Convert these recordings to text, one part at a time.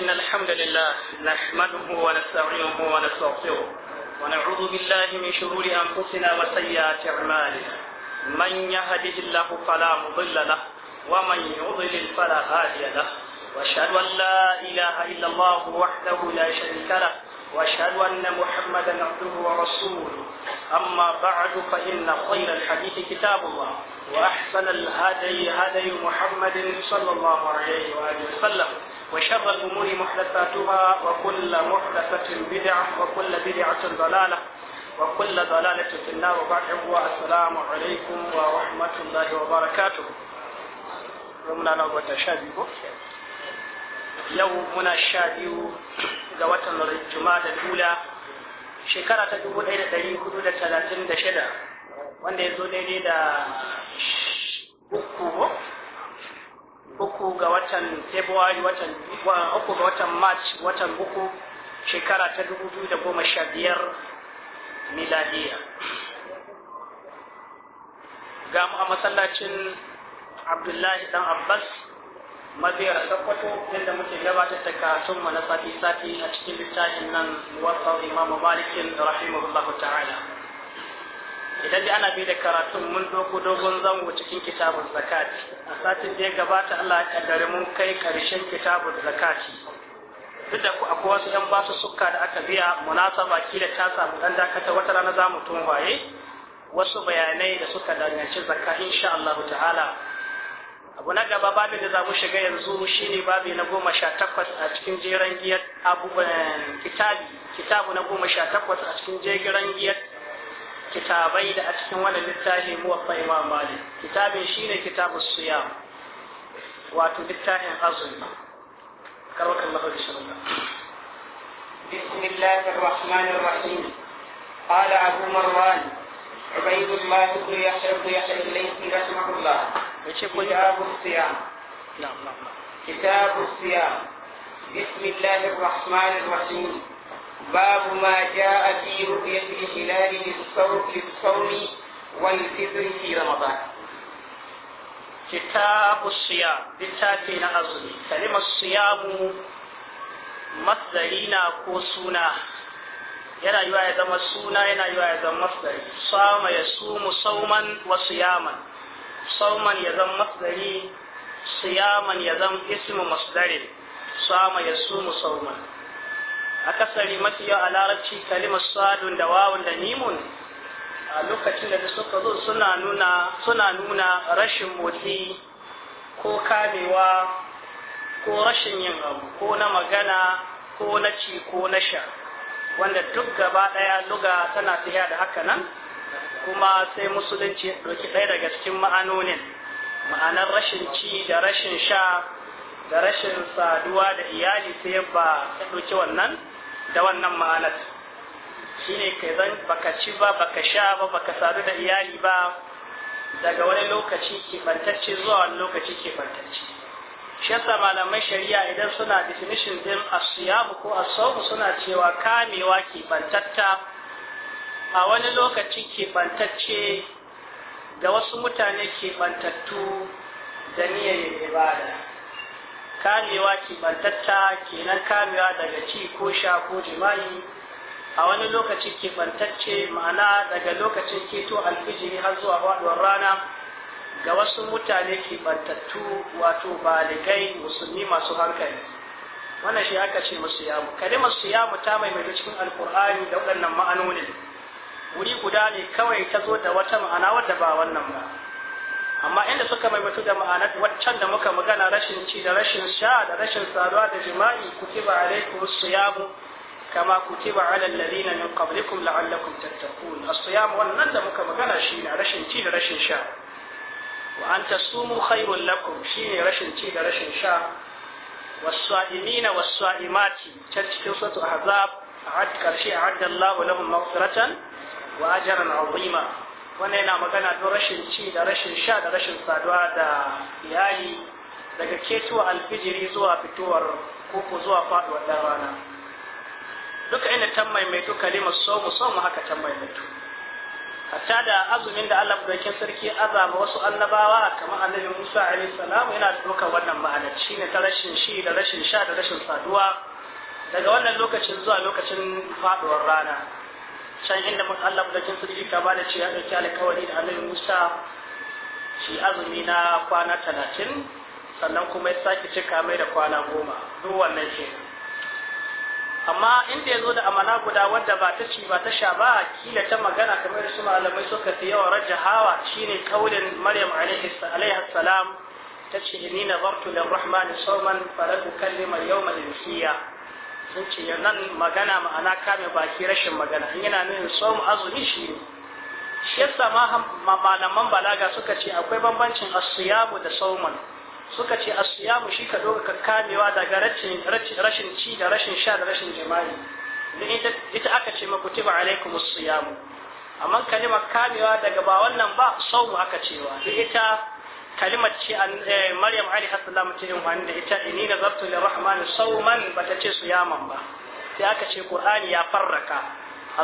إن الحمد لله نحمده ونستعينه ونستغفره ونعوذ بالله من شرور أنفسنا وسيئات أعمالنا من يهده الله فلا مضل له ومن يضلل فلا هادي له وأشهد أن لا إله إلا الله وحده لا شريك له وأشهد أن محمدا عبده ورسوله أما بعد فإن خير الحديث كتاب الله وأحسن الهدي هدي محمد صلى الله عليه وآله وسلم وشر الأمور محدثاتها وكل محدثة بدعة وكل بدعة ضلالة وكل ضلالة في النار وبعد السلام عليكم ورحمة الله وبركاته رمنا نوبة شابي يوم من الشابي ذوات الجماد الأولى شكرا ta إلى دليل كدودة ثلاثين دشدة وأن talatin da shida uku ga watan february watan uku ga watan march watan uku shekara ta dubu biyu da goma sha biyar miladiya ga mu a masallacin abdullahi dan abbas mabiyar sakwato inda muke gabatar da karatun mu na sati-sati a cikin littafin nan muwaffaq imamu malikin rahimahullahu ta'ala idan dai ana bi da karatun mun doko dogon zango cikin kitabun zakati a satin da ya gabata Allah ya kaddare mun kai karshen kitabun zakati duk da ku akwai wasu yan basu suka da aka biya munasaba kila ta samu dan dakata wata rana za mu waye, wasu bayanai da suka danganci zakka insha Allah ta'ala abu na gaba babin da za mu shiga yanzu shine babi na goma sha takwas a cikin jeran giyar abubuwan eh, kitabi kitabu na goma sha takwas a cikin jeran giyar كتابي دا أتكن وانا لتاهي موفا إمام مالي كتاب شيني كتاب الصيام واتو لتاهي أزل كروك الله بسم الله بسم الله الرحمن الرحيم قال أبو مروان عبيد الله بن يحيى بن يحيى الليثي رحمه الله كتاب الصيام نعم، نعم، نعم. كتاب الصيام بسم الله الرحمن الرحيم باب ما جاء na رؤية الهلال للصوم والفطر في رمضان كتاب الصيام بالتاتين أصلي كلمة الصيام مصدرنا كوسونا yana yiwa ya zama suna yana yiwa ya zama masdari sama ya sumu sauman wa siyaman sauman ya zama siyaman ya zama ismu masdari sama ya akasari makiya a larabci kalimar sadun da wawun da nimun a lokacin da suka zo suna nuna suna nuna rashin motsi ko kamewa ko rashin yin abu ko na magana ko na ci ko na sha wanda duk gaba daya luga tana tafiya da haka nan kuma sai musulunci ɗauki ɗaya daga cikin ma'anonin ma'anar rashin ci da rashin sha da rashin saduwa da iyali sai ba ta ɗauki wannan da wannan ma'anar shi ne ka zan baka ci ba baka sha ba baka sadu da iyali ba daga wani lokaci kifantacce zuwa wani lokaci kifantacce shi yasa malamai shari'a idan suna definition din asiyamu ko asawu suna cewa kamewa kifantatta a wani lokaci kifantacce da wasu mutane kifantattu da niyyar ibada kamewa kimantatta kenan kamewa daga ci ko sha ko jima'i a wani lokaci kimantacce ma'ana daga lokacin keto alfijiri har zuwa faduwar rana ga wasu mutane kimantattu wato baligai musulmi masu hankali wannan shi aka ce kare kalimar yamu ta maimaita cikin alkur'ani da waɗannan ma'anoni wuri guda ne kawai ta zo da wata ma'ana wadda ba wannan ba amma inda suka maimaitu da ma'anar waccan da muka magana rashin ci da rashin sha da rashin tsaruwa da jima'i ku kiba alaikum siyamu kama ku kiba ala alladhina min qablikum la'allakum tattaqun as-siyam wannan da muka magana shi ne rashin ci da rashin sha wa an tasumu khairul lakum shi ne rashin ci da rashin sha was-sa'imina was-sa'imati ta cikin suratul ahzab a'ad karshe a'adallahu lahum maghfiratan wa ajran 'azima wannan yana magana don rashin ci da rashin sha da rashin saduwa da iyali daga ketuwa alfijiri zuwa fitowar koko zuwa faduwar dan rana duka ina tan maimaitu kalimar somu somu haka tan maimaitu hatta da azumin da Allah mudaukin sarki azama wasu annabawa kamar annabi Musa alayhi salam yana ɗaukar wannan ma'anar shine ta rashin shi da rashin sha da rashin saduwa daga wannan lokacin zuwa lokacin faduwar rana can inda mun Allah madaukin sarki ka bada shi ya dauki alkawari da Annabi Musa shi azumi na kwana talatin sannan kuma ya sake cika mai da kwana goma duk wannan shi. amma inda ya zo da amana guda wadda ba ta ci ba ta sha ba kila ta magana kamar su malamai suka yawa raja hawa shine kaulin Maryam alaihi salam tace inni nazartu lirrahmani sawman falan ukallima insiya sun ce nan magana ma'ana kame baki rashin magana in yana nuna som azumi shi ne shi yasa ma malaman balaga suka ce akwai bambancin asiyamu da sauman suka ce asiyamu shi ka doka kamewa daga rashin ci da rashin sha da rashin jima'i ita aka ce maku tiba alaikum asiyamu amma kalimar kamewa daga ba wannan ba saumu aka cewa duk ita kalimar ce eh, maryam alaihi salam ta amfani da ita inni nazartu lirrahmani sawman bata ce suyaman ba sai aka ce qur'ani ya farraka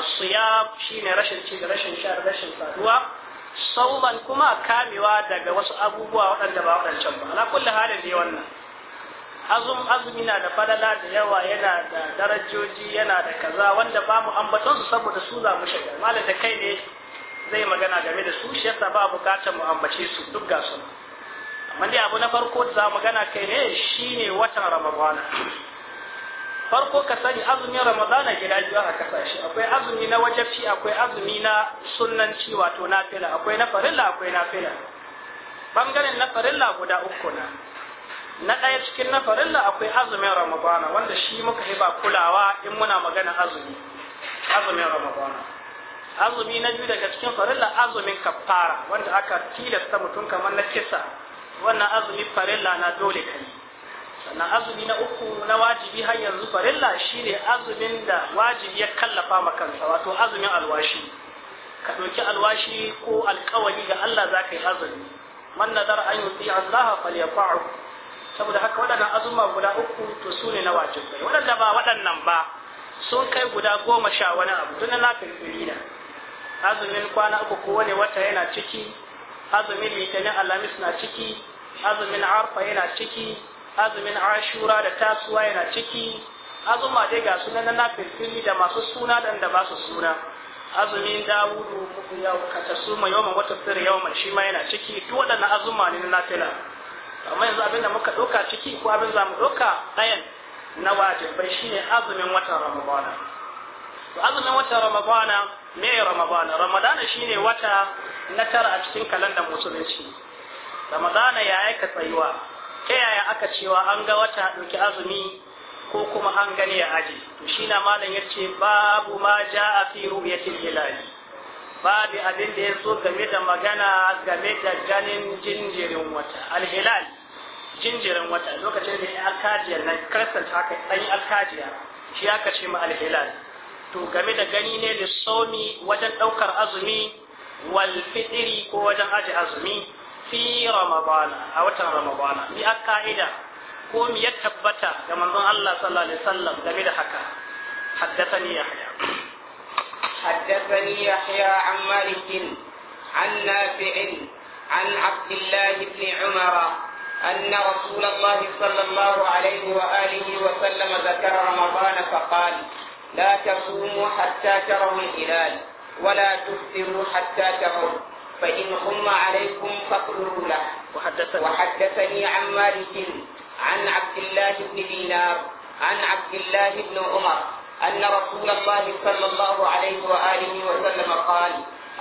asuya shine rashin ci da rashin sha rashin saduwa sauman kuma kamewa daga wasu abubuwa waɗanda ba waɗancan ba ala kulli halin dai wannan azum azumi na da falala da yawa yana da darajoji yana da kaza wanda ba mu ambaton su saboda su za mu shiga malam da kai ne zai magana game da su shi yasa ba bukatar mu ambace su duk ga su mali abu na farko da za magana kai ne shine watan ramadana farko ka sani azumin ramadana gida biyu a kasashe akwai azumi na wajabci akwai azumi na sunnanci wato na fila akwai na farilla akwai na fila bangaren na farilla guda uku na na ɗaya cikin na farilla akwai azumin ramadana wanda shi muka yi ba kulawa in muna magana azumi azumin ramadana azumi na biyu daga cikin farilla azumin kafara wanda aka tilasta mutum kamar na kisa wannan azumi farilla na dole ka yi. sannan azumi na uku na wajibi har yanzu farilla shine azumin da wajibi ya kallafa ma kansa wato azumin alwashi ka ɗauki alwashi ko alkawari ga Allah za ka yi azumi man nazar an yuti Allah falyafa'u saboda haka waɗannan azuma guda uku to su ne na wajibi waɗanda ba waɗannan ba sun kai guda goma sha wani abu tun na lafiya azumin kwana uku ko wani wata yana ciki azumin litinin alhamis na ciki azumin arfa yana ciki azumin ashura da tasuwa yana ciki azuma dai ga suna na nafilfili da masu suna dan da ba suna azumin dawudu yau ka suma yau wata tsira yawan shi ma yana ciki duk waɗannan azuma ne na nafila amma yanzu abin da muka ɗauka ciki ko abin za mu ɗauka ɗayan na wajibai shine azumin watan ramadana to azumin wata ramadana me ramadana ramadana shine wata na tara a cikin kalandar musulunci ramadana ya aika tsayuwa ta yaya aka cewa an ga wata ɗauki azumi ko kuma an gani ya aji to shi na malam ya ce babu ma ja a fi ru'yatil hilali babu abin da ya zo game da magana game da ganin jinjirin wata alhilal jinjirin wata lokacin da ya alkajiya na ta haka yi alkajiya shi aka ce ma alhilal to game da gani ne da somi wajen ɗaukar azumi wal fitri ko wajen aji azumi fi ramadana a watan ramadana ni a ka'ida ko mi ya tabbata ga manzon Allah sallallahu alaihi wasallam game da haka haddathani yahya haddathani yahya an malik an nafi' an abdullah ibn umara أن رسول الله صلى الله عليه وآله وسلم ذكر رمضان فقال لا تصوموا حتى تروا الهلال ولا تفطروا حتى تروا فإن هم عليكم فاقروا له وحدثني, وحدثني عن مالك عن عبد الله بن دينار عن عبد الله بن عمر أن رسول الله صلى الله عليه وآله وسلم قال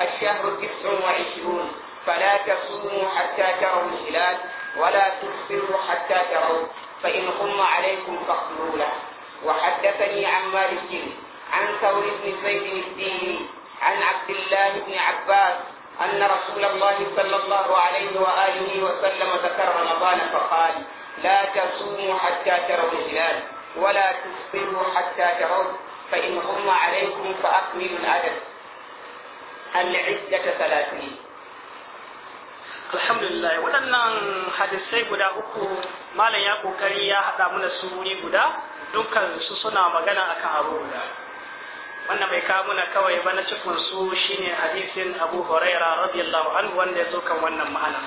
الشهر تسع وعشرون فلا تصوموا حتى تروا الهلال ولا تفطروا حتى تروا فإن هم عليكم فاقروا له وحدثني عن مالك عن ثور بن زيد الديني عن عبد الله بن عباس أن رسول الله صلى الله عليه وآله وسلم ذكر رمضان فقال لا تصوموا حتى تروا الهلال ولا تفطروا حتى تروا فإن غم عليكم فأكملوا العدد العدة ثلاثين الحمد لله hadisai guda uku أكو مالا يا ya هذا من السوري wuri dukkan su suna magana akan abu guda wannan bai kawo muna kawai ba na cikin su shine hadisin Abu Huraira radiyallahu anhu wanda ya zo kan wannan ma'ana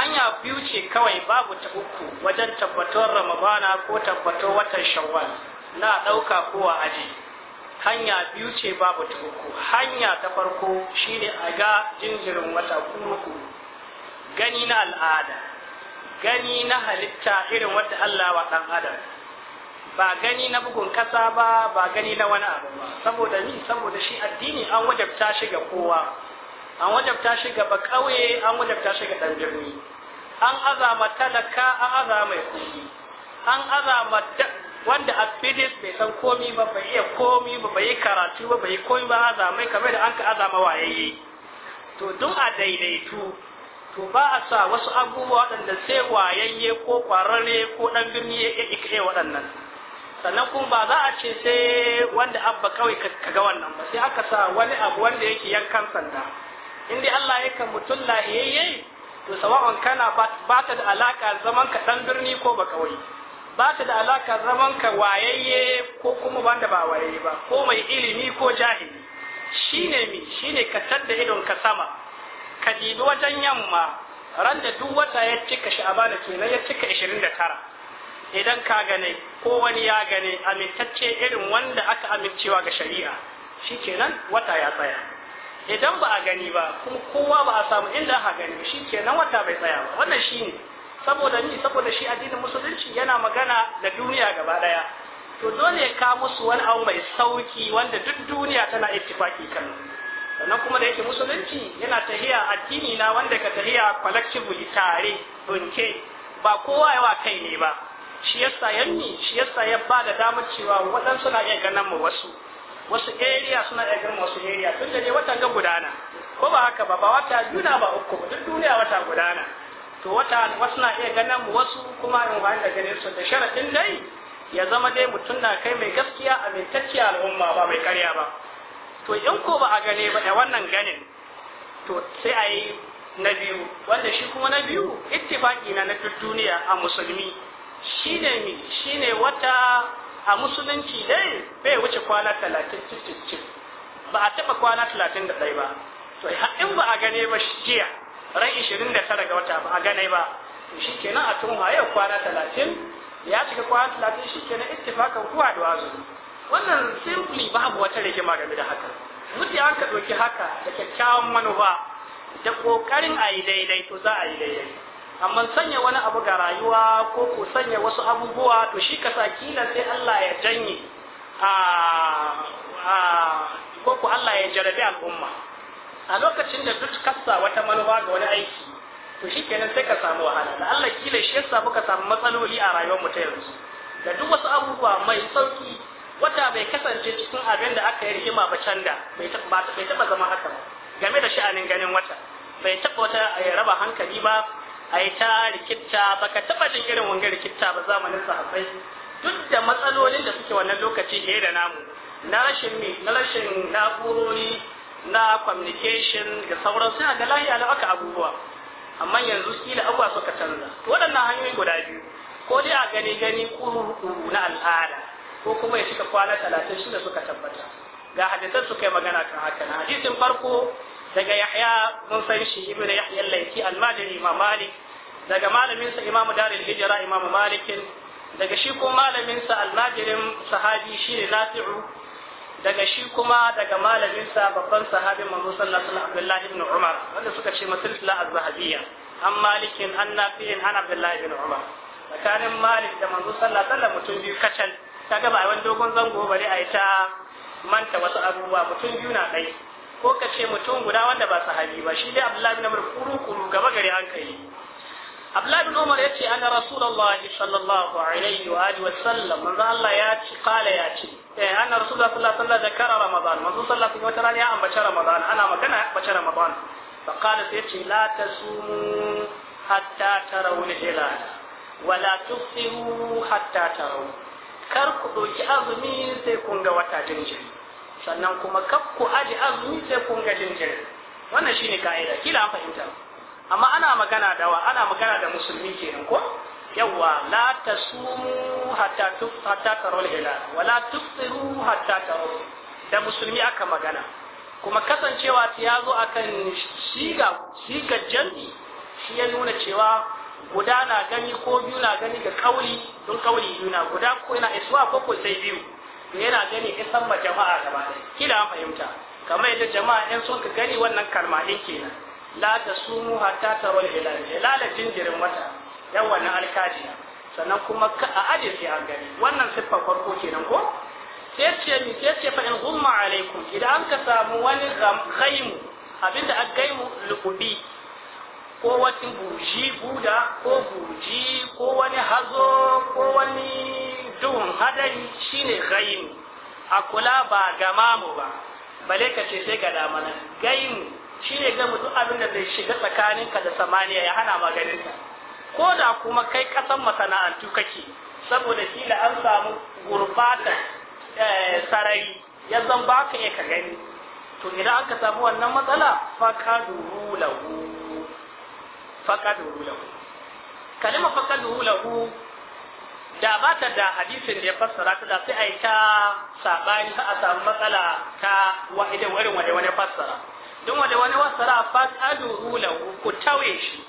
hanya biyu ce kawai babu ta uku wajen tabbatar Ramadana ko tabbatar watan Shawwal na dauka kowa aji hanya biyu ce babu ta uku hanya ta farko shine a ga jinjirin wata uku gani na al'ada gani na halitta irin wata Allah wa ɗan adam ba gani na bugun kasa ba ba gani na wani abu ba saboda ni saboda shi addini an wajabta shi ga kowa an wajabta shi ga bakauye an wajabta shi ga dan birni an azama talaka an azama mai kuɗi an azama wanda a fidis bai san komi ba bai iya komi ba bai yi karatu ba bai yi komi ba azamai kamar da an ka azama wayayye to duk a daidaitu to ba a sa wasu abubuwa waɗanda sai wayayye ko kwararre ko ɗan birni ya waɗannan sannan kuma ba za a ce sai wanda abba kawai ka ga wannan ba sai aka sa wani abu wanda yake yankan sanda in dai Allah ya kan mutum lahiyayye to sawa'un kana ba ta da alaka zaman ka ɗan birni ko ba kawai ba ta da alaka zaman ka wayayye ko kuma wanda ba wayayye ba ko mai ilimi ko jahili shine mi shine ka tadda idon ka sama ka dibi wajen yamma ran da duk wata ya cika sha'abana kenan ya cika 29 idan ka gane ko wani ya gane amintacce irin wanda aka amincewa ga shari'a shi kenan wata ya tsaya idan ba a gani ba kuma kowa ba a samu inda aka gani shi kenan wata bai tsaya ba wannan shi ne saboda ni saboda shi addinin musulunci yana magana da duniya gaba daya to dole ka musu wani abu mai sauki wanda duk duniya tana ittifaki kan sannan kuma da yake musulunci yana tahiya addini na wanda ka tahiya collectively tare bunke ba kowa yawa kai ne ba shi yasa yanni shi yasa ya ba da damar cewa waɗansu na iya ganin mu wasu wasu area suna iya ganin wasu area tun da ne watan ga gudana ko ba haka ba ba wata juna ba uku duk duniya wata gudana to wata wasu na iya ganin mu wasu kuma in ba da ganin su da sharaɗin dai ya zama dai mutum na kai mai gaskiya amintacciya al'umma ba mai karya ba to in ko ba a gane ba da wannan ganin to sai a yi na biyu wanda shi kuma na biyu ittifaki na na duniya a musulmi shi ne mi shi ne wata a musulunci dai bai wuce kwana talatin cikin ba a taɓa kwana talatin da ɗaya ba to in ba a gane ba jiya ran ishirin da tara ga wata ba a gane ba to shi kenan a tun yau kwana talatin ya shiga kwana talatin shi kenan ittifakan kuwa da wazo wannan simply babu wata rigima game da haka mutum an ka ɗauki haka da kyakkyawan manufa da ƙoƙarin a yi daidai to za a yi daidai amma sanya wani abu ga rayuwa ko ko sanya wasu abubuwa to shi ka sa kila sai Allah ya janye a ko ko Allah ya jarabi al'umma a lokacin da duk kasa wata manufa ga wani aiki to shi kenan sai ka samu wahala da Allah kila shi yasa muka samu matsaloli a rayuwar mu ta yanzu da duk wasu abubuwa mai sauki wata bai kasance cikin abin da aka yi rigima ba can da bai taɓa zama haka ba game da sha'anin ganin wata bai taɓa wata raba hankali ba a yi ta rikitta ba ka taɓa jin irin wangar rikitta ba zamanin sahabbai duk da matsalolin da suke wannan lokaci ke da namu na rashin mi na rashin na'urori na communication da sauran suna da lahiya na aka abubuwa amma yanzu kila abubuwa suka canza waɗannan hanyoyi guda biyu ko dai a gani gani kuru na al'ada ko kuma ya cika kwana talatin shida suka tabbata ga hadisan su kai magana kan haka na hadisin farko daga yahya mun san shi ibnu yahya al-laiki al-madani imam malik daga malamin sa imamu darul hijra imam malikin daga shi kuma malamin sa al-majirin sahabi shine nafi'u daga shi kuma daga malamin sa babban sahabin manzo sallallahu alaihi wasallam abdullah ibn umar wanda suka ce masilsila az-zahabiyya an malikin an nafi'in an abdullah ibn umar tsakanin malik da manzo sallallahu alaihi wasallam mutum biyu kacal Ta gaba a wani dogon zango bare a yi ta manta wasu abubuwa mutum biyu na ɗai. ko ka ce mutum guda wanda ba sahabi ba shi dai Abdullahi na Umar kuru gaba gari an kai Abdullahi bin Umar yace anna Rasulullah sallallahu alaihi wa alihi wa sallam manzo Allah ya ci kala ya ci eh anna Rasulullah sallallahu alaihi wa sallam zakara Ramadan manzo sallallahu alaihi wa sallam ya ambaci Ramadan ana magana ya ambaci Ramadan fa qala sai ce la tasumu hatta tarawul hilal wala tufsihu hatta tarawul kar ku ɗauki azumi sai kun ga wata jinjiri sannan kuma kar ku aji azumi sai kun ga jinjiri wannan shine ka'ida kila an fahimta amma ana magana da wa ana magana da musulmi kenan ko yawa la tasumu hatta tuf hatta tarul hilal wa la hatta tarul da musulmi aka magana kuma kasancewa ta ya zo akan shiga shiga janni shi ya nuna cewa guda na gani ko biyu na gani ga kauli sun kauli yuna guda ko ina iswa ko ko sai biyu to yana gani isan ma jama'a gaba ɗaya kila an fahimta kamar yadda jama'a in sun ka gani wannan kalma kenan la ta sumu hatta ta wal hilal hilalin jinjirin wata yan wannan alkaji sannan kuma ka a aje sai an gani wannan siffar farko kenan ko sai ce mi sai ce fa in gumma alaikum idan ka samu wani ghaimu abinda a mu lukubi ko wani buji buda ko buji ko wani hazo ko wani duhun hadari shine gaimu a kula ba gamamu ba bale ka ce sai ga damana gaimu shine ga mutum abin da zai shiga tsakanin ka da samaniya ya hana maganin ka ko da kuma kai kasan masana'antu kake saboda kila an samu gurbatar eh, sarari ya zan baka iya ka gani to idan aka samu wannan matsala fa ka duru lahu faqaduhu lahu kalima faqaduhu lahu da ba ta da hadisin da ya fassara ta da sai a yi ta sabani a samu matsala ta idan wani wani wani fassara don wani wani fassara fa duhu lahu ku tawe shi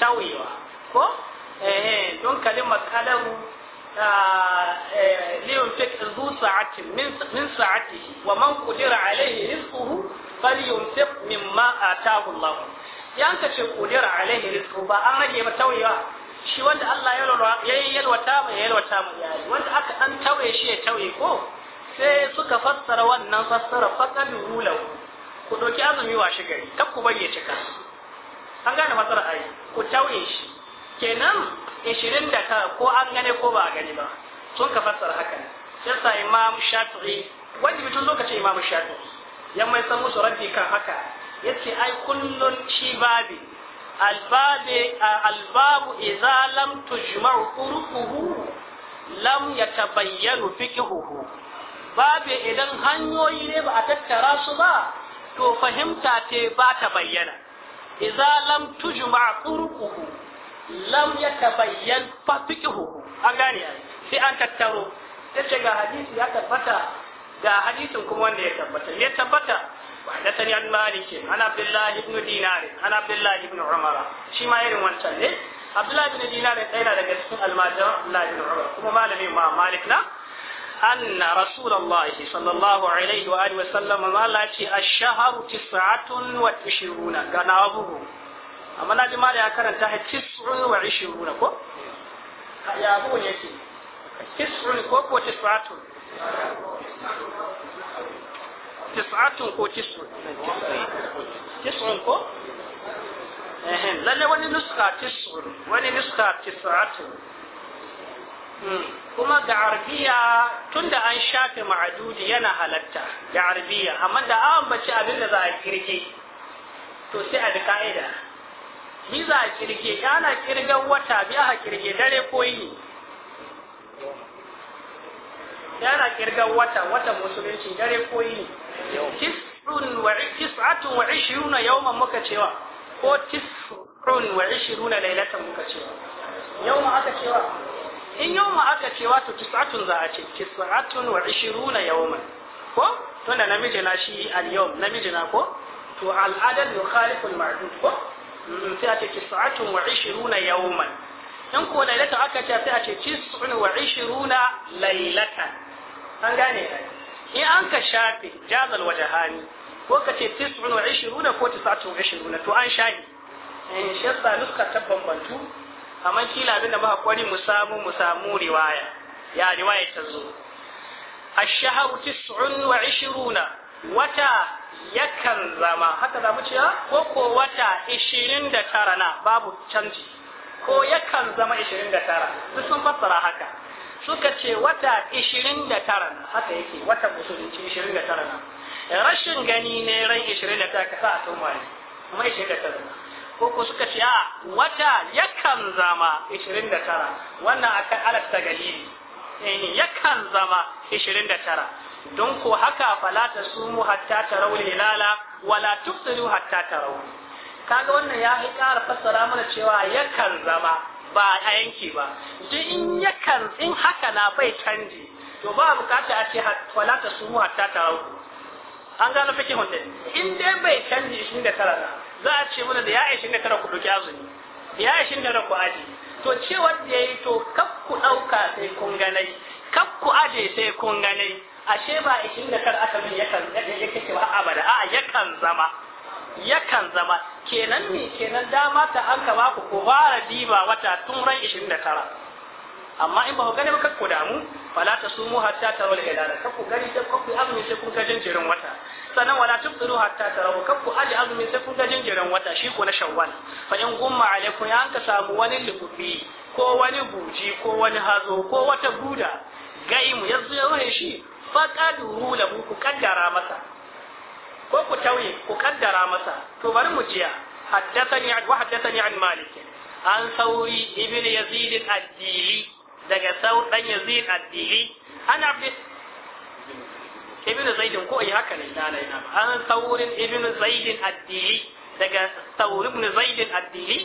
tawewa ko eh don kalimar kalaru eh, liyon fik zu sa'ati min sa'ati wa man fari alayhi rizquhu falyunfiq mimma ataahu Allah yan ka ce kudira alaihi rizqu ba an rage ba tauyewa shi wanda Allah ya yalwata mai yalwata mu yayi wanda aka an tauye shi ya tauye ko sai suka fassara wannan fassara faqad hulau ku doki azumi wa shi gari kar ku bari ya cika an gane matsalar ai ku tauye shi kenan ka ko an gane ko ba a gani ba sun ka fassara hakan sai sa imam shafi'i wanda bitun lokacin imam shafi'i yan mai san musu rabbi kan haka yace ai kullun shi babi albabu idza lam tujma'u urukuhu lam yatabayyanu fiqhuhu babe idan hanyoyi ne ba a tattara su ba to fahimta ce ba ta bayyana idza lam tujma'a urukuhu lam yatabayyan fiqhuhu an gane sai an tattaro sai ga hadisi ya tabbata ga hadisin kuma wanda ya tabbata ya tabbata حدثني عن مالك عن عبد الله بن دينار عن عبد الله بن عمر شيما ما يرين wancan عبد الله بن دينار قال yana daga cikin almajiran الله بن عمر kuma malami ma ما مالكنا أن رسول الله صلى الله عليه وآله وسلم قال الشهر تسعة وعشرون كان أبوه أما نبي مالي أكرن تحت تسع وعشرون كو يا أبوه يتي تسع كو وتسعة tis'atun ko tis'un tis'un ko lalle wani nuska tis'un wani nuska tis'atun hmm, kuma ga arbiya tunda an shafe ma'adudi yana halatta ga arbiya amma da an bace abin da za a kirge to sai a da ka'ida ni za a kirge ana kirgan wata bi a kirge dare ko yi yana kirgan wata wata musulunci dare ko yi tis'un wa tis'atun wa 20 yawman muka cewa ko tis'un wa 20 lailatan muka cewa yawma aka cewa in yawma aka cewa to tis'atun za a ce tis'atun wa 20 yawman ko tunda namiji na shi al-yawm namiji na ko to al-adad yukhalifu al-ma'dud ko sai a ce tis'atun wa 20 yawman in ko lailatan aka ce sai a ce tis'un wa 20 lailatan an gane in an ka shafe jazal wajahani ko ka ce ishiruna ko ishiruna to an shafe eh, in shi yasa nuska ta bambantu amma kila abin da ba kwari mu samu mu samu riwaya ya riwaya ta zo ash-shahru ishiruna wata yakan zama haka za mu ce ah, ko ko wata ishirin da tara na babu canji ko yakan zama tara? duk sun fassara haka suka ce wata 29 haka yake wata musulunci 29 rashin gani ne ran 29 ka sa a tuma ne kuma 29 ko ko suka ce a wata yakan zama 29 wannan akan alasta galili ne. Eh, yakan zama 29 don ko haka fala ta sumu hatta tarawul hilala wala tufsiru hatta tarawul kaga wannan ya ƙara fassara mana cewa yakan zama ba a yanke ba duk in yakan in haka na bai canji to ba bukata a ce wala ta sumu hatta ta rauku an gano fake hunde in dai bai canji 29 na za a ce mana da ya 29 ku doki azumi ya 29 ku aji to cewa da yayi to kaf ku dauka sai kun ganai kaf ku aje sai kun ganai ashe ba 29 aka min yakan yake cewa abada a'a yakan zama yakan zama kenan ne kenan dama ta an ka baku ku fara diba wata tun ran 29 amma in ba ku gani ba ku damu fala ta sumu hatta ta wal hilal ku gani sai ku azumi sai kun ga jinjirin wata sannan wala tubtiru hatta ta rawu ku aji azumi sai kun ga jinjirin wata shi ko na shawwal fa in gumma alaikum ya an ka samu wani lubbi ko wani buji ko wani hazo ko wata guda gaimu yanzu ya ruhe shi faqad lahu ku kaddara masa ko ku tauye ku kaddara masa to bari mu jiya haddathani wa haddathani an malik an sauri ibnu yazid ad-dili daga sau dan yazid ad-dili an abd ibnu zaid ko ai haka ne lalai na an sauri ibnu zaid ad-dili daga sauri ibnu zaid ad-dili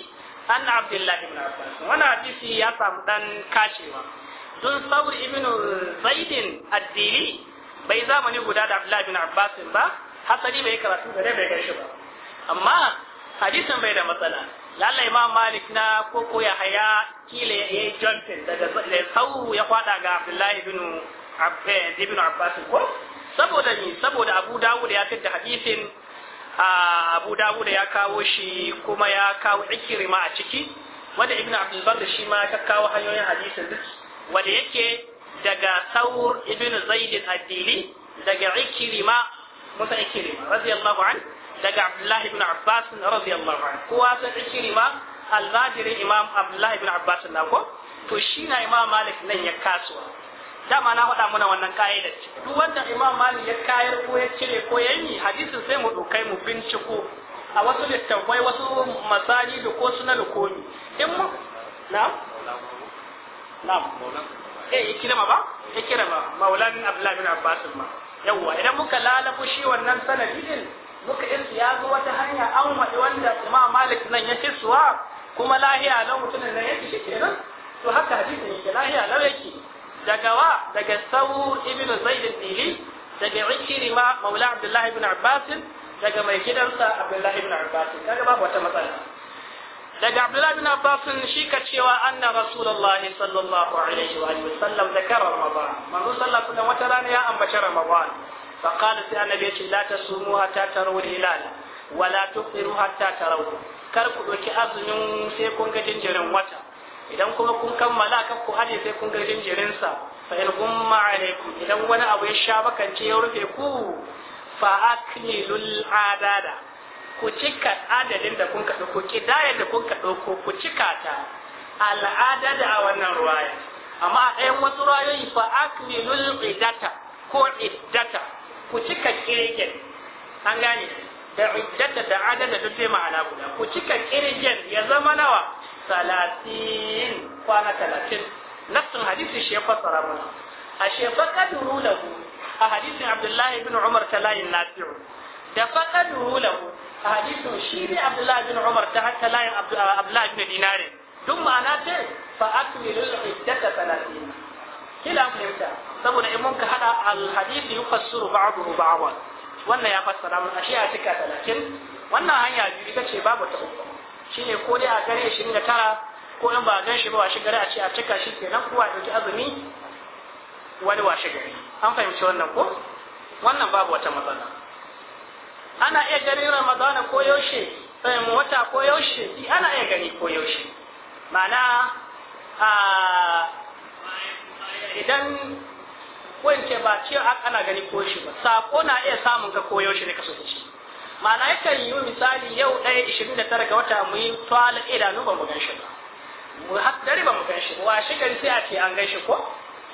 an abdullahi ibn abbas wannan hadisi ya samu dan kashewa dun sauri ibnu zaid ad-dili bai zamani guda da abdullahi ibn abbas ba hasali bai karatu gare bai gaishe ba amma hadisin bai da matsala lallai imam malik na koko ya haya kila ya yi jontin daga sauru ya kwada ga abdullahi bin ibn abbas ko saboda ni saboda abu dawud ya tada hadisin abu dawud ya kawo shi kuma ya kawo ikirima a ciki wanda ibn abdul bar shi ma ya kawo hanyoyin hadisin duk wanda yake daga saur ibn zaid al dili daga ikirima kusa ikirima radiyallahu an daga abdullahi ibn abbas radiyallahu an kowa ma al almajirin imam abdullahi ibn abbas na ko to shi na imam malik nan ya kasuwa dama na faɗa muna wannan ka'idar duk wanda imam malik ya kayar ko ya cire ko ya yi hadisin sai mu dokai mu binciko a wasu littafai, wasu masani da ko suna da ni in mu Na? Na. eh ma ba ma. maulan abdullahi ibn abbas ma yawwa idan muka lalabu shi wannan sanadi din muka irki ya zo wata hanya an waɗi wanda kuma malik nan ya suwa kuma lahiya lau mutumin nan yake shi kenan to haka hadisin yake lahiya lau yake daga wa daga sau ibnu zaid al-dili daga ma maula abdullahi ibn abbas daga mai gidansa abdullahi ibn abbas kaga babu wata matsala daga Abdullahi bin Abbas shi ka cewa anna Rasulullahi sallallahu alaihi wa alihi sallam zakara Ramadan manzo sallallahu alaihi wata rana ya ambaci Ramadan fa qala sai annabi ya ce la tasumu hatta tarawul hilal wa la tufiru hatta tarawu kar ku doki azumin sai kun ga jinjirin wata idan kuma kun kammala kan ku hade sai kun ga jinjirin sa fa in gumma alaikum idan wani abu ya sha bakance ya rufe ku fa akmilul adada ku cika adadin da kun ka ɗauko kidayar da kun kaɗo ɗauko ku cika ta al'ada da a wannan ruwaya amma a ɗayan wasu ruwayoyi fa akmilul iddata ko iddata ku cika kirgin an gane da iddata da adada duk zai ma'ana guda ku cika kirgin ya zama nawa talatin kwana talatin nassun hadisi shi ya fassara mana a shefa kaduru lahu a hadisin abdullahi bin umar talayin nasiru da kaduru lahu hadisin shi ne abdullahi bin umar ta haka layin abdullahi bin dinare duk ma'ana ce fa akmilul iddata salatin kila fahimta saboda in mun ka hada al hadisi yufassiru ba'dahu ba'dan wannan ya fassara mun ashe a cika talatin wannan hanya biyu ita ce babu ta uku shine ko dai a gare shi da tara ko in ba gan shi ba washe gari a ce a cika shi kenan a ɗauki azumi wani washe gari an fahimci wannan ko wannan babu wata matsala ana iya ganin ramadana ko yaushe eh, wata ko yaushe eh, ana iya gani ko yaushe ma'ana idan wanke ba ce ana gani ko yaushe ba sako na iya samun ka ko yaushe ne ka so ci mana yakan yi misali yau ɗaya ishirin da tara ga wata mu yi tuwala idanu ba mu gan shi ba mu haddari ba mu gan shi ba shi gari sai a ce an gan shi ko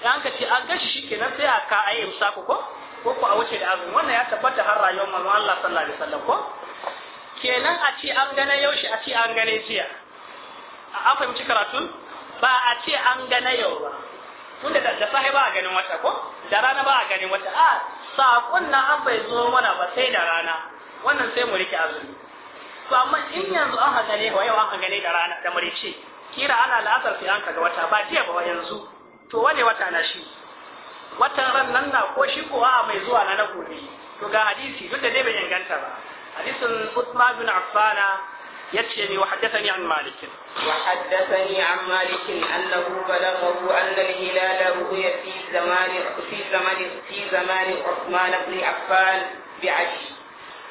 an ka ce an gan shi kenan sai a ka ayi musako ko ko ko a wuce da azumi wannan ya tabbata har rayuwar manzon Allah sallallahu alaihi wasallam ko kenan a ce an gane yaushe a ce an gane jiya a an fahimci karatun ba a ce an gane yau ba tunda da sahi ba a ganin wata ko da rana ba a ganin wata a sakon na an bai zo mana ba sai da rana wannan sai mu rike azumi to amma in yanzu an haka ne yau an gane da rana da marice kira ana la'asar sai an kaga wata ba jiya ba yanzu to wane wata na shi wata ran nan na ko shi ko a mai zuwa na na gobe to ga hadisi duk da dai bai inganta ba hadisin Uthman bin Affan yace ni wa haddathani an Malik wa haddathani an Malik annahu balaghahu anna al-hilal ru'ya fi zaman fi zaman fi zaman Uthman ibn Affan bi'ash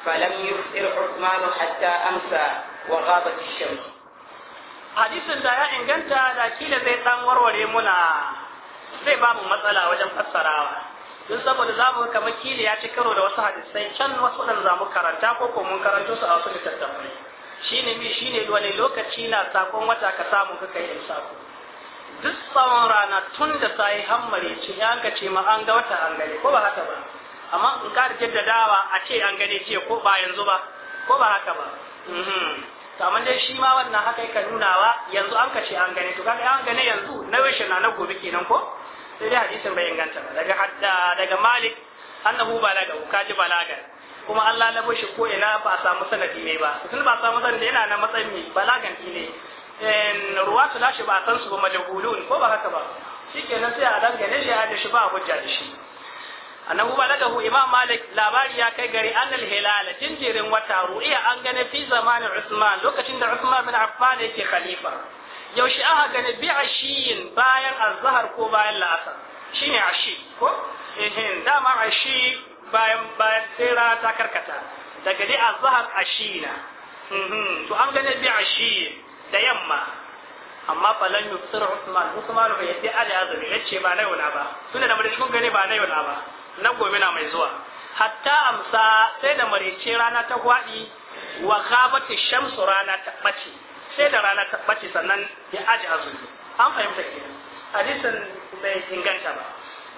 Uthman hatta amsa wa ghabat ash-shams hadisin da ya inganta da kila zai dan warware muna zai ba mu matsala wajen fassarawa don saboda za mu kamar kili ya ci karo da wasu hadisai can wasu ɗan za mu karanta ko ko mun karanto su a wasu littattafai shine mi shine wani lokaci na sakon wata ka samu ka kai in sako duk tsawon rana tun da ta yi hammare ce ya ka ce ma an ga wata an gani ko ba haka ba amma in ka jaddadawa a ce an gani ce ko ba yanzu ba ko ba haka ba mhm. amma dai shi ma wannan haka yake nunawa yanzu an ka ce an gane to kaga an gane yanzu na wishe na na gobe kenan ko sai dai hadisin bai inganta ba daga daga malik annahu balaga kaji balaga kuma Allah labo shi ko ina ba a samu sanadi ne ba tun ba a samu sanadi yana na matsayin mai balagan ne ruwa su lashi ba san su ba majahulun ko ba haka ba shikenan sai a dangane shi a da shi ba a hujja da shi annahu hu imam malik labari ya kai gari annal hilala jinjirin wata ru'iya an gane fi zamanin usman lokacin da usman bin affan yake khalifa yaushe aka gani bi ashiyin bayan azhar ko bayan la'asar shine ashi ko ehin dama ashi bayan bayan tsira ta karkata daga dai azhar ashina to an gane bi ashiyin da yamma amma falan yufsir Usman Usman bai yadda Ali Azumi ce ba na yau na ba tunda da mu kun gane ba na yau na ba na gobe na mai zuwa hatta amsa sai da marice rana ta gwadi wa khabati shamsu rana ta bace sai da rana ta bace sannan ya aji azumi an fahimta ke hadisin bai inganta ba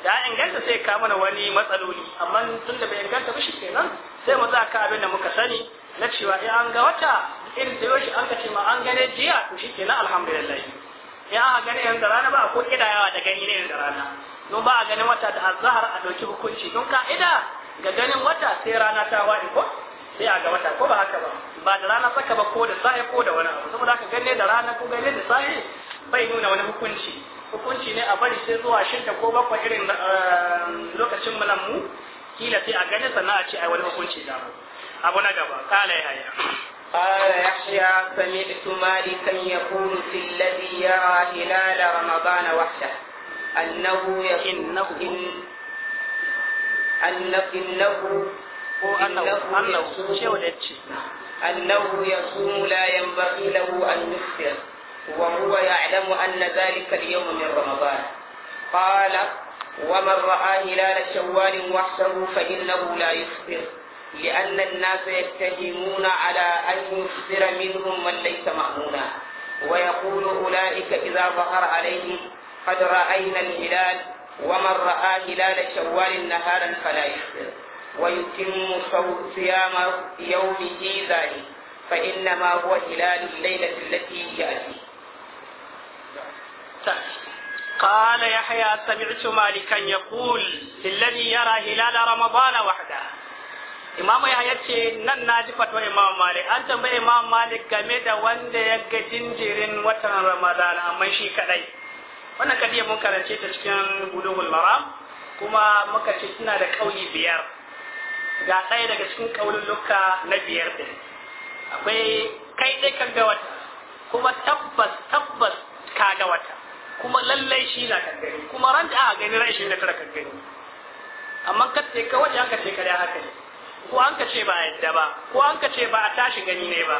da inganta sai ka mana wani matsaloli amma tunda da bai inganta ba shi kenan sai mu za ka abin da muka sani na cewa in an ga wata irin da yoshi an kace ma an gane jiya to shi kenan alhamdulillah in aka gane yanzu rana ba ko yawa da gani ne da rana don ba a ganin wata da azhar a dauki hukunci don ka'ida ga ganin wata sai rana ta wadi ko sai a ga wata ko ba haka ba ba da rana saka ba ko da sahi ko da wani abu saboda haka ganne da rana ko ganne da sahi bai nuna wani hukunci hukunci ne a bari sai zuwa shidda ko bakwa irin eh, lokacin mulan mu kila sai a gane sannan a ce ai wani hukunci da abu na gaba kala ya haya قال يحيى سمعت مالكا يقول في الذي يرى هلال رمضان وحده أنه يقول إنه إنه أنه يصوم لا ينبغي له أن يفطر وهو يعلم أن ذلك اليوم من رمضان قال ومن رأى هلال شوال وحشه فإنه لا يفطر لأن الناس يتهمون على أن يفطر منهم من ليس مأمونا ويقول أولئك إذا ظهر عليهم قد رأينا الهلال ومن رأى هلال شوال نهارا فلا يفطر ويتم صيام يومه ذلك فإنما هو هلال الليلة التي يأتي قال يحيى سمعت مالكا يقول للذي يرى هلال رمضان وحده imamu ya yace nan na ji fatwa imam malik an tambaye imam malik game da wanda ya ga jinjirin watan ramadan amma shi kadai wannan kadiya mun karance ta cikin bulughul maram kuma muka ce da kauli biyar ga ɗaya daga cikin kaululluka na biyar ɗin akwai kai ɗai ka ga wata kuma tabbas tabbas ka ga wata kuma lallai shi na ka gani kuma ran da aka gani ran shi na tara ka gani amma ka ce ka waje an ka ce ka da haka ne ko an ka ce ba a yadda ba ko an ka ce ba a tashi gani ne ba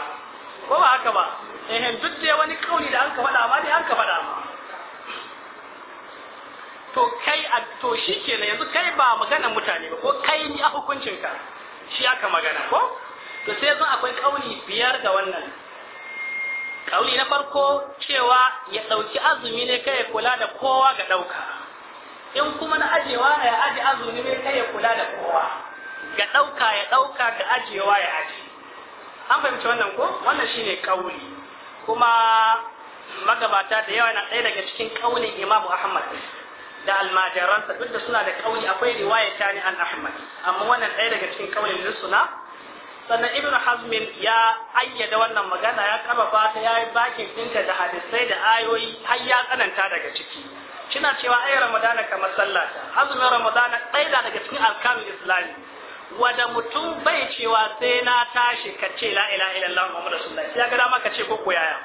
ko ba haka ba eh duk dai wani kauli da an ka faɗa ma dai an ka faɗa ma to kai a to shi kenan yanzu kai ba magana mutane ba ko kai ni a hukuncin ka shi aka magana ko to sai yanzu akwai kauli biyar ga wannan kauli na farko cewa ya ɗauki azumi ne kai ya kula da kowa ga ɗauka in kuma na ajewa ya aje azumi ne kai ya kula da kowa ga ɗauka ya ɗauka ga ajewa ya aje an fahimci wannan ko wannan shine kauli kuma magabata da yawa na ɗaya daga cikin kaulin Imam ahmad da almajiransa duk da suna da kauli akwai riwaya ta ni an ahmad amma wannan ɗaya daga cikin kaulin na? sannan Ibnu hazmin ya ayyada wannan magana ya ba ta yayi bakin dinta da hadisai da ayoyi har ya tsananta daga ciki kina cewa ai ramadana ka masallata Hazmin ramadana ɗaya daga cikin alkamin islami wanda mutum bai cewa sai na tashi ka ce la ilaha illallah muhammadu rasulullahi ya ga dama ka ce ko yaya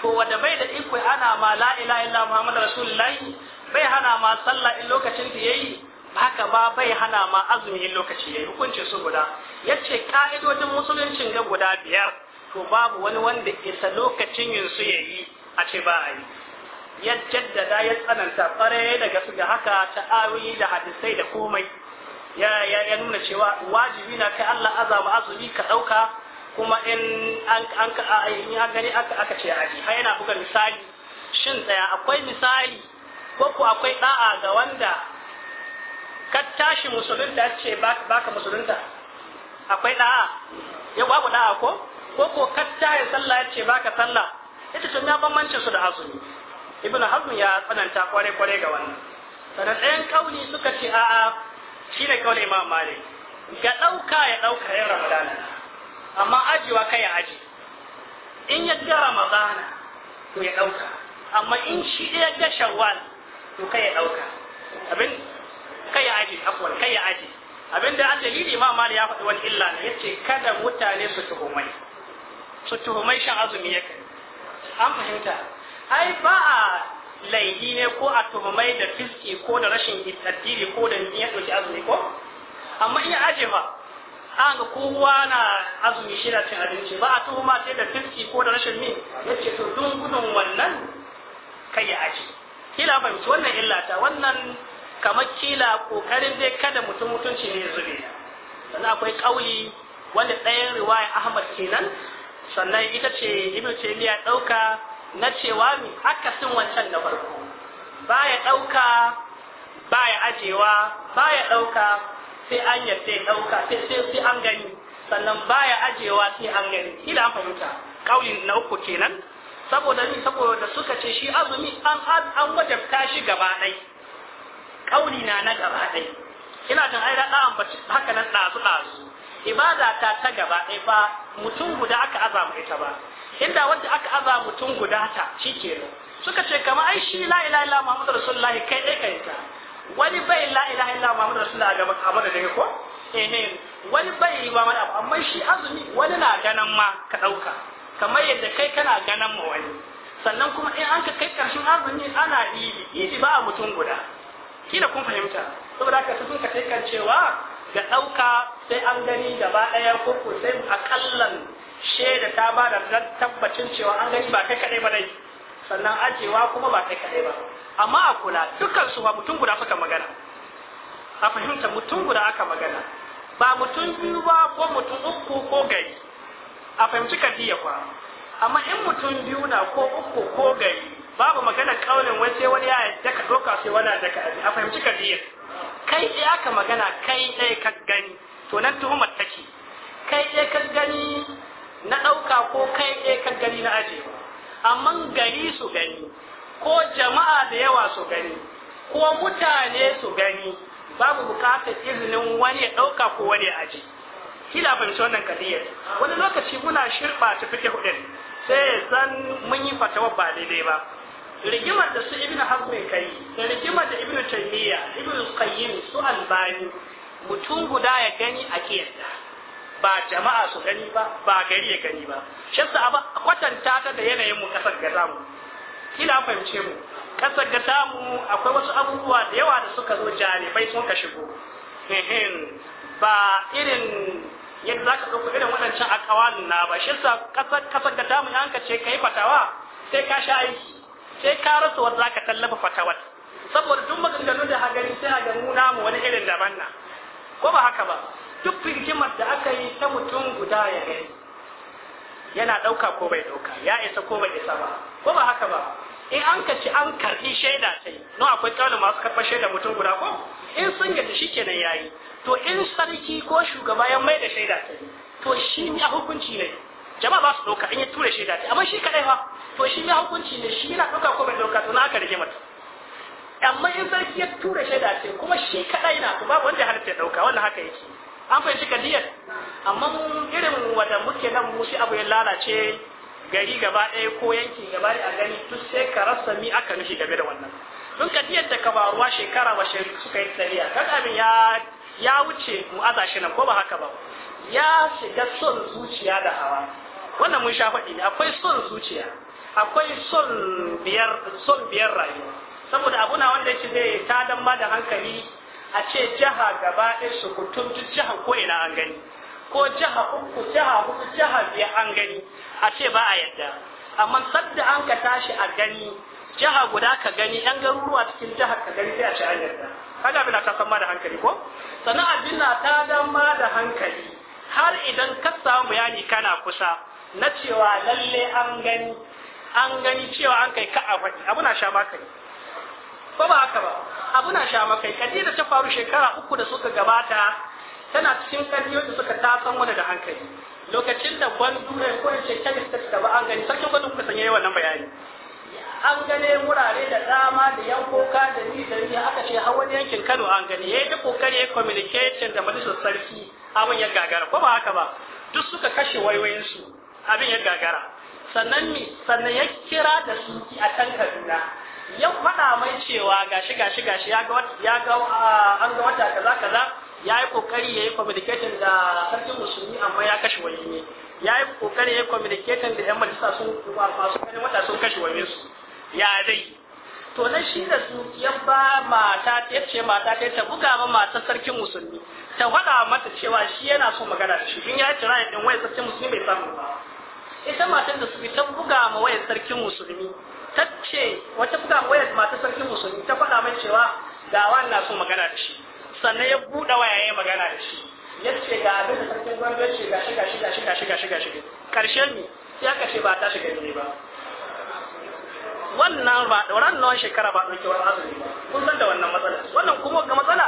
to wanda bai da iko ana ma la ilaha illallah muhammadu rasulullahi bai hana ma sallah in lokacin ta yayi haka ba bai hana ma azumi in lokaci yayi hukuncin su guda yace ka'idodin musuluncin ga guda biyar to babu wani wanda isa lokacin yin su yayi a ce ba a yi ya jaddada ya tsananta kware daga su ga haka ta awi da hadisai da komai ya ya nuna cewa wajibi na kai Allah azaba azumi ka dauka kuma in an an gani aka ce aji har yana buga misali shin tsaya akwai misali ko akwai da'a ga wanda ka tashi musulunta ce baka musulunta akwai da'a ya babu da'a ko ko ko ka tashi sallah ce baka sallah ita tun ya bambancin su da azumi ibnu hazm ya tsananta kware kware ga wannan sanan ɗayan kauli suka ce a'a shine kauli imam malik ga ɗauka ya ɗauka yin ramadana amma ajiwa kai ya aji in ya ramadana to ya ɗauka amma in shi ya ga shawwal to kai ya dauka abin kai ya aji afwan kai ya aji abin da an dalili ma mali ya faɗi wani illa ne yace kada mutane su tuhumai su tuhumai shan azumi yake an fahimta ai ba a laihi ne ko a tuhumai da fiski ko da rashin addini ko da niyyar doki azumi ko amma in ya aje fa an ga kowa na azumi shi da cin abinci ba a tuhuma sai da fiski ko da rashin min yace to dun gudun wannan kai ya aje kila bai wuce wannan illata wannan kamar kila kokarin dai kada mutum mutunci ne zube sannan akwai kauli wanda ɗayan riwaya ahmad kenan sannan ita ce ibnu taymiya ɗauka na cewa mi akasin wancan na farko baya ɗauka baya ajewa baya ɗauka sai an yadda ya ɗauka sai sai an gani sannan baya ajewa sai an gani kila an fahimta kauli na uku kenan saboda ni saboda suka ce shi azumi an an wajabta shi gaba dai kauli na na gaba dai ina jin ai da ambaci haka nan ɗazu ɗazu ibada ta ta gaba dai ba mutum guda aka azama ita ba inda wanda aka aza mutum guda ta shikenan suka ce kamar ai shi la ilaha illa muhammadu rasulullah kai dai kai ta wani bai la ilaha illa muhammadu rasulullah gaba kamar da kai ko eh wani bai ba amma shi azumi wani na ganin ma ka ɗauka kamar yadda kai kana ganin mu wani sannan kuma in an ka kai karshen azumi ana idi idi ba a mutum guda kila kun fahimta saboda haka sun ka kan cewa ga ɗauka sai an gani gaba ɗaya ko ko sai akallan shaida ta ba da tabbacin cewa an gani ba kai kaɗai ba dai sannan ajewa kuma ba kai kaɗai ba amma a kula dukkan su ba mutum guda suka magana a fahimta mutum guda aka magana ba mutum biyu ba ko mutum uku ko gari a fahimci kadiya kwa amma in mutum biyu na ko uku ko gari babu magana kaunin wai sai wani ya yadda ka doka sai wani da ka a fahimci kadiya kai ɗaya aka magana kai ɗaya ka gani to nan tuhumar take kai ɗaya ka gani na ɗauka ko kai ɗaya ka gani na aje amma gari su gani ko jama'a da yawa su gani ko mutane su gani babu bukatar izinin wani ya ɗauka ko wani ya aje kila fahimci wannan kadiyar wani lokaci muna shirba ta fike hudin sai zan mun yi fatawa ba daidai ba rigimar da su ibnu hazm kai da rigimar da ibnu taymiya ibnu qayyim su albani mutum guda ya gani a kiyarta ba jama'a su gani ba ba gari ya gani ba shi yasa a kwatanta ta da yanayin mu kasar ga zamu kila fahimce mu kasar ga akwai wasu abubuwa da yawa da suka zo jaribai sun ka shigo ba irin yadda za ka ɗauka irin waɗancan akawalin na ba shi sa kasar da tamu ya hanka ce ka yi fatawa sai ka sha aiki sai ka rasa wanda za ka tallafa fatawar saboda duk maganganu da hagari sai a gamu namu wani irin daban na ko ba haka ba duk rigimar da aka yi ta mutum guda ya gani yana ɗauka ko bai ɗauka ya isa ko bai isa ba ko ba haka ba in an ka ci an karɓi shaida ta yi no akwai ƙaunar masu karɓar shaida mutum guda ko in sun yadda shi kenan ya yi to in sarki ko shugaba ya mai da shaida ta to shi ne a hukunci ne jama'a ba su doka in ya tura shaida ta amma shi kadai fa to shi ne hukunci ne shi yana doka ko bai doka to na aka rike mata amma in sarki ya tura shaida ta kuma shi kadai na to babu wanda halatta ya doka wannan haka yake an fahimci kadiyar amma mun irin wanda muke nan mu shi abu ya lalace gari gaba ɗaya ko yanki gaba ɗaya a gani duk sai ka rasa mi aka nufi game da wannan don kadiyar da ka baruwa shekara ba shekaru suka yi tsariya kan abin ya ya wuce mu shi nan ko ba haka ba ya shiga son zuciya da hawa wannan mun sha faɗi ne akwai son zuciya akwai son biyar son biyar rayuwa saboda abuna wanda yake zai ta dan ma da hankali a ce jaha gaba ɗaya su kutum duk jaha ko ina an gani ko jaha uku jaha huɗu jaha biyar an gani a ce ba a yadda amma sadda an ka tashi a gani jiha guda ka gani yan garuruwa cikin jaha ka gani sai a ci an yarda kaga abin ta san ma da hankali ko sannan abin ta dan ma da hankali har idan ka samu yani kana kusa na cewa lalle an gani an gani cewa an kai ka a abu na sha maka ne ba ba haka ba abu na sha maka kadira ta faru shekara uku da suka gabata tana cikin kadiyo da suka tasan wani da hankali lokacin da gwandu ne ko in ce kemis ta ba an gani sarkin gwandu kuka sanya yawan nan bayani an gane wurare da dama da yankoka da ni da ni aka ce hawan yankin Kano an gane yayi da kokari communication da majalisar sarki abin ya gagara ko ba haka ba duk suka kashe wayoyin su abin ya gagara sannan mi sannan ya kira da su a can Kaduna ya faɗa mai cewa gashi gashi gashi ya ga ya ga ah, an ga wata kaza kaza ya yi kokari ya yi communication da sarkin musulmi amma ya kashe wayoyin ne ya yi kokari ya yi communication da yan majalisa sun masu kare wata sun kashe wani su ya dai to na shi da su ya ba mata ya ce mata ta ta buga ma matar sarkin musulmi ta faɗa mata cewa shi yana so magana da shi in ya tira ya din wayar sarkin musulmi bai samu ba ita matar da su ta buga ma wayar sarkin musulmi ta ce wata buga ma wayar matar sarkin musulmi ta faɗa mai cewa ga wani na so magana da shi sannan ya buɗe waya ya magana da shi ya ce ga abin da sarkin gwamnati ya ce gashi gashi gashi gashi gashi gashi ƙarshen ne ya kashe ba ta shiga ne ba wannan ba wannan shekara ba dauke wurin azumi kun san da wannan matsala wannan kuma ga matsala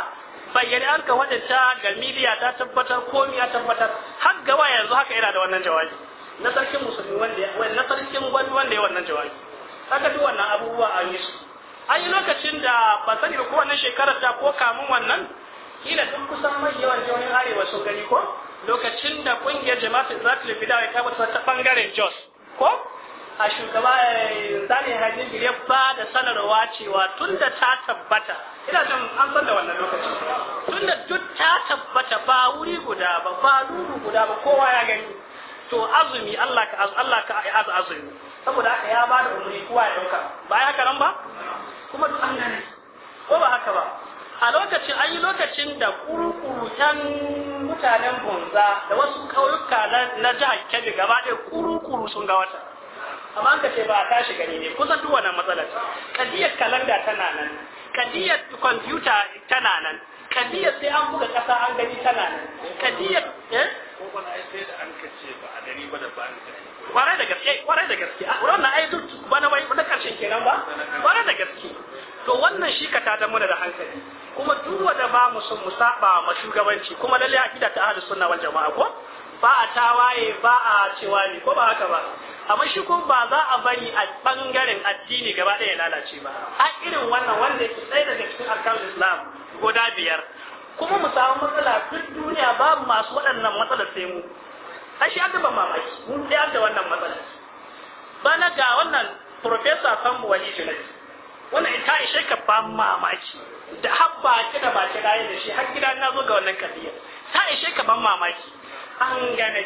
bayyane an ka ta ga miliya ta tabbatar komi ya tabbatar har gawa yanzu haka yana da wannan jawabi na sarkin musulmi wanda ya na sarkin gwamnati wanda ya wannan jawabi haka duk wannan abubuwa a yi su an yi lokacin da ba sani ba ko wannan shekarar ta ko kamun wannan kila sun kusan mai yawan jawabin arewa sun gani ko lokacin da kungiyar jama'atul da bidawa ta ta bangaren jos ko a shugaba zane eh, hajjin ya ba da sanarwa cewa tun da ta tabbata ina jin an san da wannan lokaci tun da duk ta tabbata ba wuri guda ba ba lulu guda ba kowa ya gani to azumi Allah ka Allah ka azu azumi saboda haka ya ba da umuri kowa ya dauka ba ya karan ba kuma duk an gane ko ba haka ba a lokacin an yi lokacin da kurukurutan mutanen bonza da wasu kauyuka na jihar kebbi gaba ɗaya kurukuru sun ga wata amma ka ce ba a tashi gani ne kusa duk wannan matsala ce kadiyar kalanda tana nan kadiyar kwamfuta tana nan kadiyar sai an buga kasa an gani tana nan kadiyar eh ko ba sai da an a kwarai da gaske kwarai da gaske a, ai da bana na karshen kenan ba kwarai da gaske to wannan shi ka tada mana da hankali kuma duk wanda ba mu son mu ma shugabanci kuma lalle akida ta ahlus sunna wal jamaa ko ba a tawaye ba a cewa ne ko ba haka ba amma shi kuma ba za a bari a bangaren addini gaba ɗaya lalace ba a irin wannan wanda ya tsaye daga cikin arkan islam guda biyar kuma mu samu matsala duk duniya babu masu waɗannan matsalar sai mu a shi aka ban mamaki mun ɗaya da wannan matsalar bana ga wannan professor sambu wani junai wannan ita ishe ka ba mamaki da habba kida ba kira da shi har gida na zo ga wannan kadiyar ta ishe ka ban mamaki an gane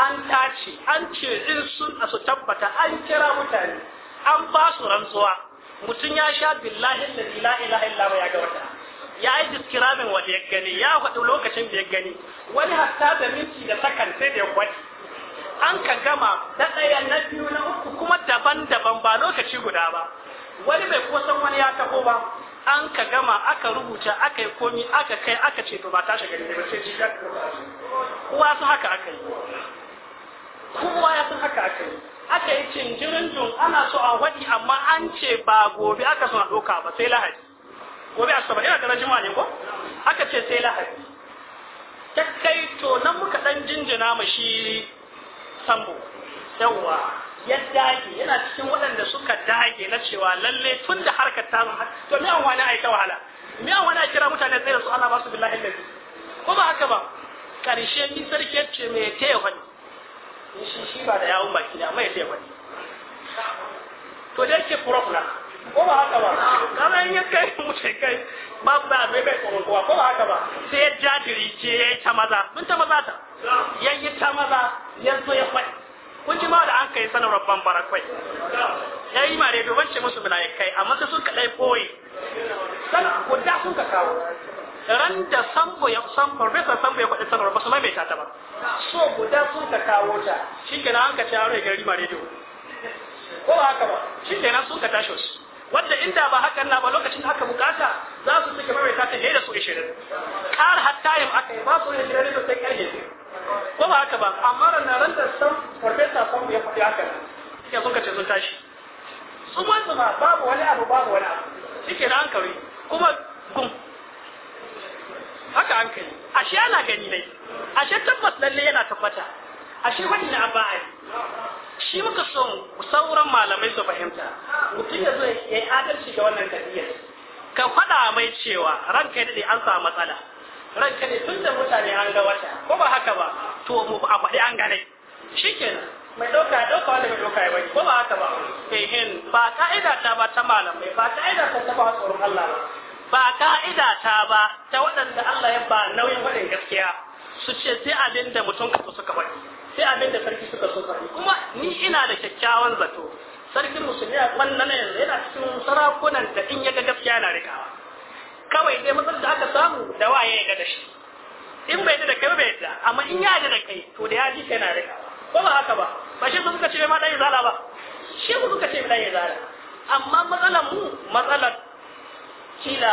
an tace an ce in sun su tabbata an kira mutane an ba su rantsuwa mutum ya sha billahi da la ilaha illa ya ga wata ya yi diskiramin wanda ya gani ya faɗi lokacin da ya gani wani hatta da minti da sakan sai da ya kwaɗi an ka gama daɗaya ɗaya na biyu na uku kuma daban-daban ba lokaci guda ba wani bai kusan wani ya taho ba an ka gama aka rubuta aka yi komi aka kai aka ce to ba tashi gari ne ba sai ji kowa su haka aka yi kowa ya san haka aka yi aka yi cinjirin tun ana so a waɗi amma an ce ba gobe aka so a ba sai lahadi gobe saba yana da rajima ne ko aka ce sai lahadi ta kai to nan muka ɗan jinjina ma shi sambo yawwa ya dage yana cikin waɗanda suka dage na cewa lalle tun da harkar ta zo to me an wani aika wahala me an wani kira mutane tsaye da su Allah basu billahi lalle ko ba haka ba karshe min sarki ya ce me ta ya faɗi shi shi ba da yawon baki ne amma ya ta ya to da yake prof na ko ba haka ba kamar ya kai ce kai ba ba me bai tsoron kowa ko ba haka ba sai ya jajiri ce ya yi ta maza mun ta maza ta yan yi ta maza ya zo ya faɗi kun ji ma da an kai sanar rabban barakwai ya yi mare domin ce musu kai amma sai sun kaɗai ɓoye san guda sun ka kawo ran da sambo ya san farfesa sambo ya kwaɗi sanar rabban su mai ta ba so guda sun ka kawo ta shi ke an ka taro ya gari mare ko haka ba shi ke sun ka tashi wasu wanda inda ba hakan na ba lokacin haka bukata za su suke mai ta ta da su ishirin kar hatta yin aka yi ba su ne shirin da sai ƙarfe ko ba haka ba amma da ran da san farfesa san ya faɗi haka ya suka ce sun tashi su wanzu ma babu wani abu babu wani abu Shi ke da hankali kuma gum haka hankali ashe ana gani dai. ashe tabbas lalle yana tabbata ashe wani na abba a shi muka son sauran malamai su fahimta mutum ya zo ya yi adalci ga wannan kadiyar ka faɗa mai cewa ranka ya daɗe an samu matsala ranka ne tun da mutane an ga wata ko ba haka ba to mu a faɗi an gane shikenan mai ɗauka ya ɗauka wanda mai ɗauka ya bai ko ba haka ba ehin ba ka'ida ta ba ta malamai ba ka'ida ta ta ba tsoron Allah ba ba ka'ida ta ba ta waɗanda Allah ya ba nauyin faɗin gaskiya su ce sai abin da mutum ka suka faɗi sai abin da sarki suka so faɗi kuma ni ina da kyakkyawan zato sarkin musulmi a wannan yanzu yana cikin sarakunan da in ya ga gaskiya na rikawa kawai dai matsalar da aka samu da waye ya da shi in bai da kai bai da amma in ya da kai to da ya ji kai na rika ko ba haka ba ba shi su suka ce ma dai zala ba shi sun suka ce dai zala amma matsalar mu matsalar kila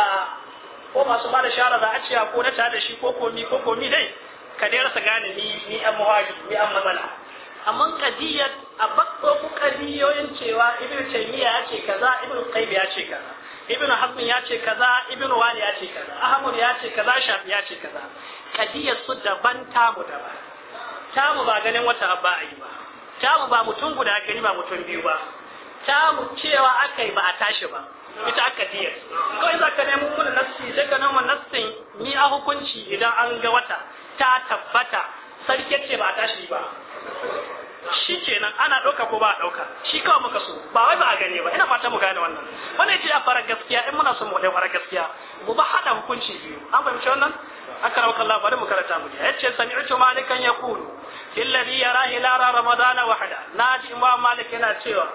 ko masu ba da shara za a ko na ta da shi ko komi ko komi dai ka dai rasa gane ni ni an muhaji ni an matsala amma kadiyar a bakko ku kadiyoyin cewa ibnu taymiya ya ce kaza ibnu qayyim ya ce kaza ibnu hazm ya ce kaza ibnu wali ya ce kaza ahmad ya ce kaza shafi ya ce kaza kadiya su daban tamu daban tamu ba ganin wata abba ayi ba tamu ba mutum guda gani ba mutum biyu ba tamu cewa aka yi ba a tashi ba ita aka diyar kawai za ka nemo kula nassi daga nan wa nassin ni a hukunci idan an ga wata ta tabbata sarki ce ba a tashi ba shi kenan ana ɗauka ko ba a ɗauka shi kawai muka so ba wai ba a gane ba ina fata mu gane wannan wani ce a fara gaskiya in muna so mu da gaskiya mu ba hada hukunci biyu an fahimci wannan aka rauka Allah bari mu Yace mu ya ce sami'tu malikan ya illazi yara hilara ramadana wahda naji imam malik yana cewa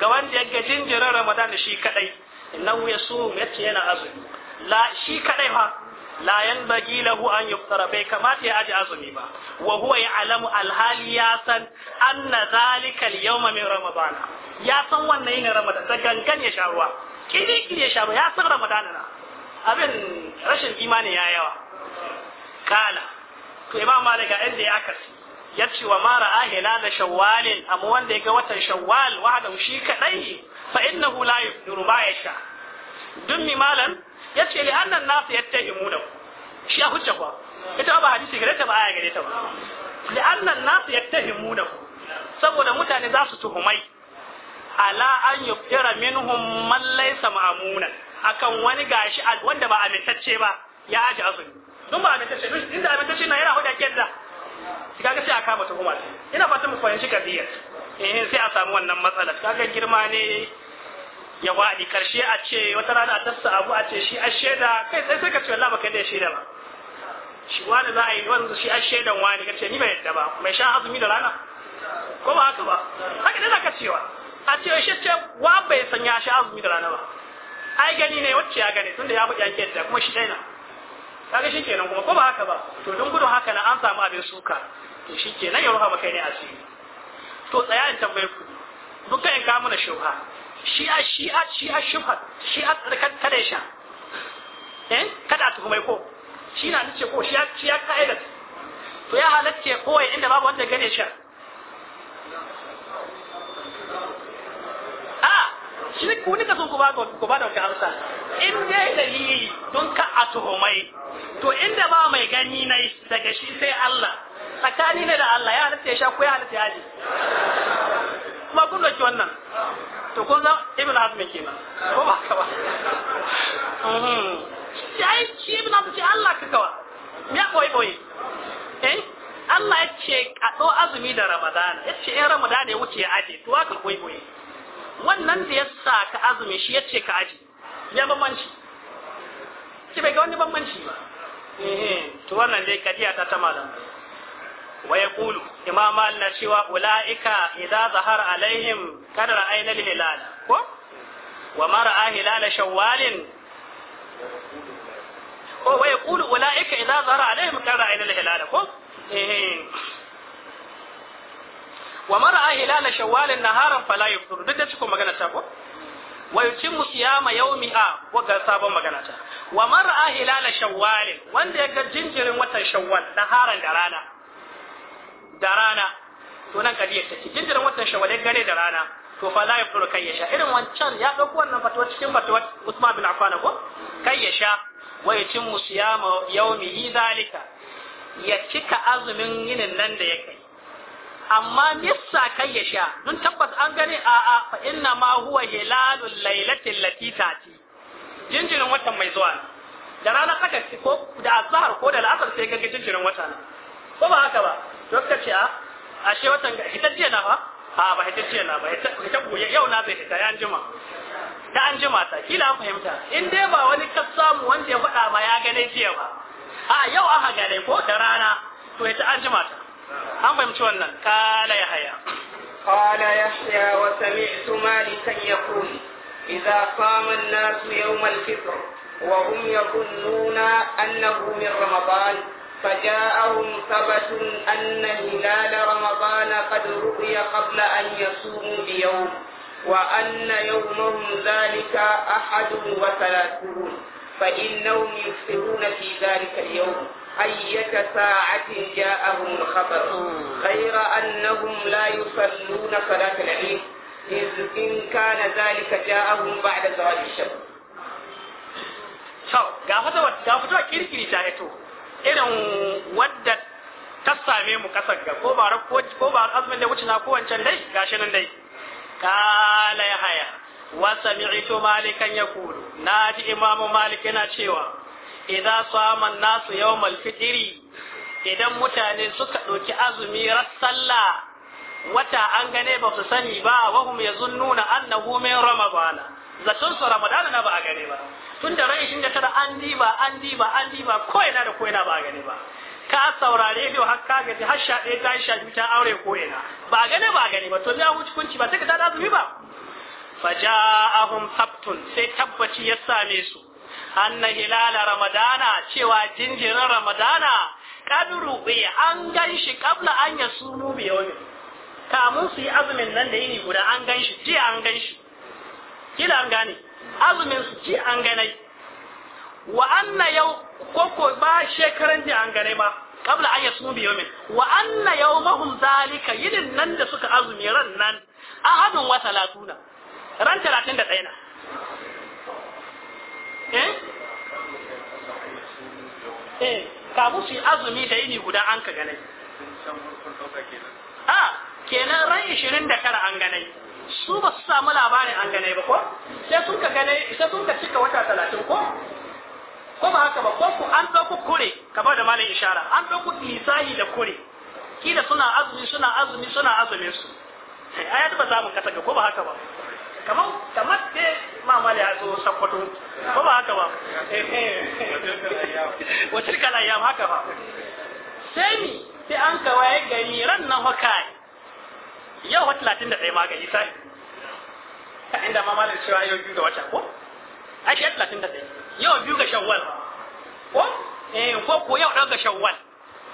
ga wanda ya gajin jira ramadana shi kadai innahu yasum yace yana azumi la shi kadai ha la bagi lahu an yuftara bai kamata ya aji azumi ba wa huwa ya'lamu alhali ya san anna zalika al-yawma min ramadan ya san wannan yin ramadan da gangan ya sha ruwa kidi kidi ya sha ruwa ya san ramadan na abin rashin imani ya yawa kala to imam malik ga inda ya akasi ya ce wa mara ahila da shawwalin amma wanda ya ga watan shawwal wahadahu shi kadai fa innahu la yufdiru ba ya sha dummi malam ya ce li annan nasu yattahimuna shi a hujja kuwa ita ba hadisi gare ta ba aya gare ta ba li annan nasu yattahimuna saboda mutane za su tuhumai ala an yuftira minhum man laysa ma'muna akan wani gashi wanda ba amintacce ba ya aji azumi dun ba amintacce dun inda amintacce na yana huda kenda shi kaga sai a kama tuhuma ina fatan mu fahimci kadiyar eh sai a samu wannan matsalar kaga girma ne ya waɗi karshe a ce wata rana a tafsa abu a ce shi a shaida kai sai ka ce wallahi baka da shaida ba shi wani za a yi wani shi a shaidan wani ka ce ni ba yadda ba mai sha azumi da rana ko ba haka ba haka ne ka cewa a ce shi ce wa bai san ya sha azumi da rana ba ai gani ne wacce ya gani tunda ya faɗi an yadda kuma shi na kaga shi kenan kuma ko ba haka ba to don gudun haka na an samu abin suka to shi kenan ya ruha maka ne asiri to tsaya in tambaye ku dukkan in ka mana shubha shi'a shi'a shi'a shubhat shi'a tsarkan tare sha eh kada ta kuma ko shi na nace ko shi'a shi'a kaida to ya halatta ko inda babu wanda gane sha a shi ne ne ka so ku ba ku ba da wata amsa in dai dalili don ka a tuhumai to inda ba mai gani na daga shi sai Allah tsakani ne da Allah ya halatta ya sha ko ya halatta ya ji kuma kun dauki wannan to kun san ibn hazm kenan ko ba ka ba hmm. shi ai shi ibn hazm ce Allah ka kawa me ya boye boye eh Allah ya ce a do azumi da Ramadan, ya ce in Ramadan ya wuce ya aje to aka boye boye wannan da ya sa ka azumi shi ya ce ka aje ya bambanci ki bai ga wani bambanci ba eh, eh. to wannan dai kadiya ta ta malamai wa yaqulu imam na cewa ulaika idza zahara alaihim kadar ainal hilal ko wa mar'a hilal shawwalin ko wa yaqulu ulaika idza zahara alaihim ainal hilal ko eh, eh. wa mar'a hilal shawwalin naharan fala yuftur duk da cikin magana ta ko wa yutimmu siyama yawmiha wa ga sabon magana wanda ya ga jinjirin watan shawwal da rana da rana to nan kadiyar take jinjirin watan shawalin gare da rana to fa la yafuru kai ya irin wancan ya dauko wannan fatuwa cikin fatuwa Usman bin Affan ko kai ya wa yatim musiyama yawmi zalika ya cika azumin yinin nan da ya amma nissa kai ya sha tabbata tabbas an gani a a fa inna ma huwa hilalul lailatil lati tati jinjirin watan mai zuwa da rana tsaka ko da azhar ko da al'asar sai ga jinjirin watan. ko ba haka ba to suka ce a ah, ashe watan hitacce na fa a ah, ba hitacce na ba hita goye yau na zai hita an jima ta an jima ta kila an fahimta in dai ba wani ka samu wanda ya faɗa ma ya gane jiya ba a yau aka gane ko da rana to hita an jima ta an fahimci wannan kala ya haya ya قال يحيى وسمعت مالكا يقول إذا yau الناس wa الفطر وهم يظنون أنه من رمضان فجاءهم ثبت أن هلال رمضان قد رؤي قبل أن يصوموا بيوم وأن يومهم ذلك أحد وثلاثون فإنهم يكثرون في ذلك اليوم أية ساعة جاءهم الخبر غير أنهم لا يصلون صلاة العيد إذ إن كان ذلك جاءهم بعد زوال الشمس. ga fitowa kirkiri ta hito irin wadda ta same mu kasar ga ko ba ko ba azumin da wuce na ko wancan dai gashi nan dai kala ya haya wa sami'tu malikan yaqulu naji imamu malik yana cewa idza sama nasu yau fitri idan mutane suka ɗauki azumi Rassalla, wata an gane ba su sani ba wahum yazunnuna annahu min ramadana zaton su ramadana na ba a gane ba tun da ran tara an diba an diba an diba ko ina da ko ina ba a gane ba ka saurare biyu har ka gaji har sha ɗaya ta sha biyu ta aure ko ina ba a gane ba a gane ba to a wuce kunci ba take ta da azumi ba ja'ahum sabtun sai tabbaci ya same su anna hilala ramadana cewa jinjirin ramadana kaduru bi an ganshi kabla an yasumu bi kamun su yi azumin nan da yini guda an ganshi jiya an ganshi kila an gane azumin su ci an ganai wa anna yau ko ba shekaran ji an ganai ba kabla an yasu bi yomin wa anna yawmahum zalika yidin nan da suka azumi ran nan ahadun wa talatuna ran 31 na eh eh kamu su azumi da yini guda an ka ganai ah kenan ran 29 an ganai su ba su samu labarin an gane ba ko sai sun ka gane sai sun ka cika wata talatin ko ko ba haka ba ko ku an ɗauku kure kamar da malin ishara an ɗauku lisahi da kure kila suna azumi suna azumi suna azumin su Aya ba za mu kasa ko ba haka ba kamar kamar da mamali a zo sakwato ko ba haka ba wacce kala ya haka ba sai ni sai an kawai gani ran nan hokai. yau talatin da ɗaya magani sai a da ma malam cewa yau biyu ga wata ko a shi talatin da ɗaya yau biyu ga shawwal ko eh ko ko yau ɗan ga shawwal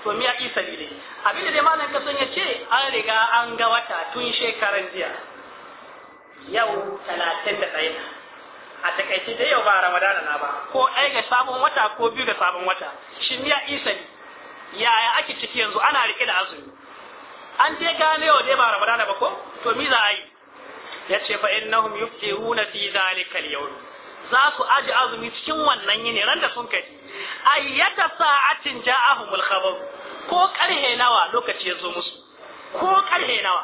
to miya isa ne abin da dai malam kasan ya ce an riga an ga wata tun shekaran jiya yau talatin da ɗaya a takaice dai yau ba ramadana na ba ko ɗaya ga sabon wata ko biyu ga sabon wata shi miya isa ne yaya ake ciki yanzu ana riƙe da azumi an je gane yau dai ba ramadana ba ko to mi za a yi yace fa innahum yuftiruna fi zalika al-yawm za su aji azumi cikin wannan yini ran da sun kai ayyata sa'atin ja'ahum al-khabar ko karhe nawa lokaci ya zo musu ko karhe nawa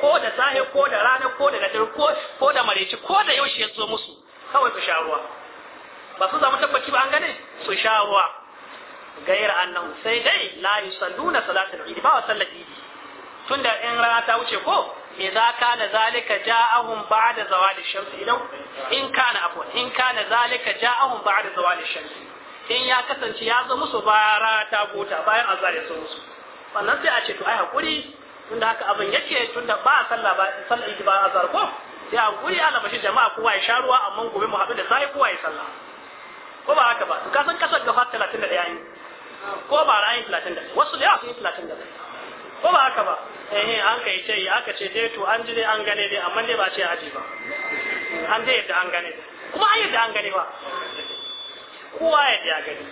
ko da sahe ko da rana ko da dare ko ko da mareci ko da yaushe ya zo musu kawai su sha ruwa ba su zama tabbaci ba an gane su sha ruwa gayar annahu sai dai la yusalluna salatul eid ba wa sallar eid tunda in rana ta wuce ko idza kana zalika ja'ahum ba'da zawal ash-shams idan in kana afwan in kana zalika ja'ahum ba'da zawal ash-shams in ya kasance ya zo musu bara ta gota bayan azhar ya zo musu wannan sai a ce to ai hakuri tunda haka abin yake tunda ba sallah ba sallah idi ba azhar ko sai hakuri ala bashi jama'a kowa ya sharuwa ruwa amma gobe mu haɗu da sai kowa ya sallah ko ba haka ba to ka san kasar gafa 31 ko ba ra'ayin 31 wasu da yawa sun yi 31 ko ba haka ba eh an kai ce aka ce dai to an ji dai an gane dai amma dai ba ce aji ba an dai yadda an gane kuma an yadda an gane ba kowa ji ya gani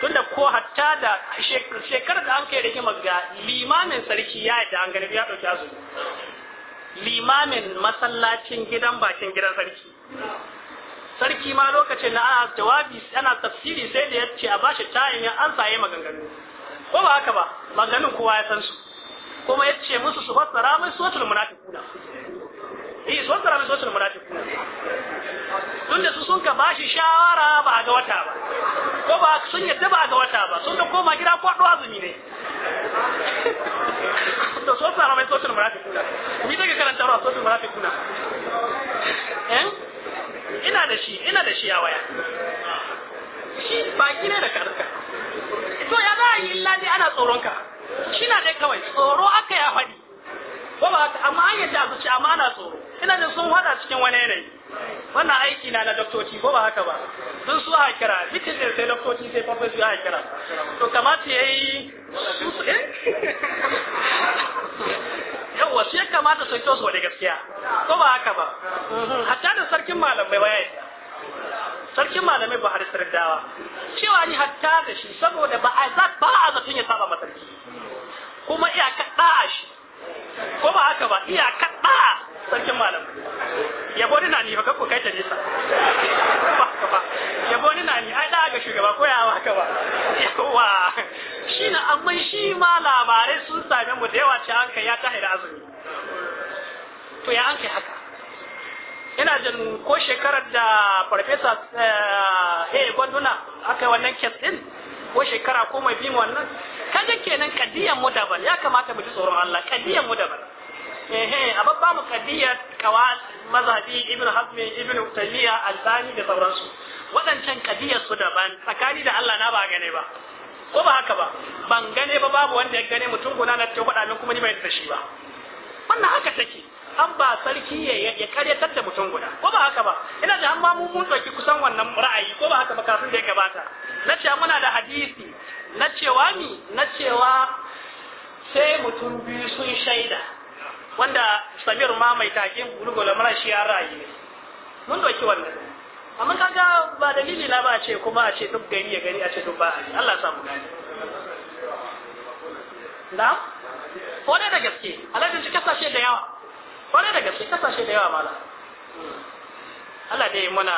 tunda ko hatta da shekarar da an kai da rigimar ga limamin sarki ya yadda an gane ya dauki azumi limamin masallacin gidan bakin gidan sarki sarki ma lokacin na ana jawabi ana tafsiri sai da ya ce a bashi tayin ya an saye maganganu ko ba haka ba maganganun kowa ya san su kuma ya ce musu su fassara mai suratul munafiquna eh su fassara mai suratul munafiquna tunda su sun ka bashi shawara ba a ga wata ba ko ba sun yadda ba a ga wata ba sun ka koma gida kwado azumi ne da su fassara mai suratul munafiquna mi daga karantarwa suratul munafiquna eh ina da shi ina da shi a waya shi baki ne da karka to ya za a yi lalle ana tsoronka Shina dai kawai tsoro aka ya faɗi ko ba haka amma an yadda su ci amana tsoro ina da sun hada cikin wani yanayi wannan aiki na na doktoci ko ba haka ba sun su a kira mitin da sai doktoci sai farfesu a kira to kamata ya yi su su eh? ya kamata su kyau su wani gaskiya ko ba haka ba hatta da sarkin malamai ba ya sarkin malamai ba har sardawa cewa ni hatta da shi saboda ba a ba a zatun ya saba masarki kuma iyaka da'a shi ko ba haka ba iyaka da'a sarkin malamai yabo ni na ni ka ku kai ta nisa ba haka ba yabo ni na ni ai da'a ga shugaba ko ya haka ba yawa shi na amma shi ma labarai sun sami mu da yawa ce an kai ya tahira azumi to ya an kai haka ina jin ko shekarar da farfesa eh gwanduna aka wannan kes din ko shekara ko mai bin wannan kaga kenan kadiyan mu ya kamata mu ji tsoron Allah kadiyan mu daban eh a ba mu kadiyar kawal mazhabi ibnu hazmi ibnu al albani da sauransu wadancan kadiyar su daban tsakani da Allah na ba gane ba ko ba haka ba ban gane ba babu wanda ya gane mutum guna na ta faɗa min kuma ni bai da shi ba wannan haka take an ba sarki ya ya karyatar da mutum guda ko ba haka ba ina da amma mu mun dauki kusan wannan ra'ayi ko ba haka ba kafin da ya gabata na cewa muna da hadisi na cewa mi na cewa sai mutum biyu sun shaida wanda Samir ma mai takin gurgula mana shi ya ra'ayi. mun dauki wannan amma kaga ba dalili na ba a ce kuma a ce duk gari ya gari a ce duk ba a Allah ya samu gani na ko da gaske alhaji cikin sashe da yawa kwarai da gaske kasashe da yawa mala Allah dai muna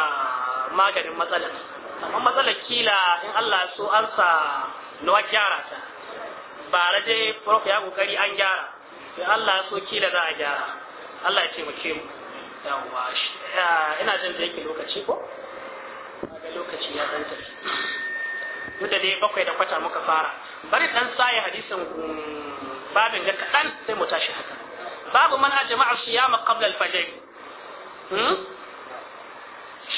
maganin matsalar amma matsalar kila in Allah so an sa nawa gyara ta bara dai prof ya kokari an gyara sai Allah so kila za a gyara Allah ya taimake mu yawa ina jin da yake lokaci ko ga lokaci ya dan tafi duk da dai bakwai da kwata muka fara bari dan sai hadisin mm, babin ga kaɗan sai mu tashi haka babu man ajma'a siyama qabla al-fajr hmm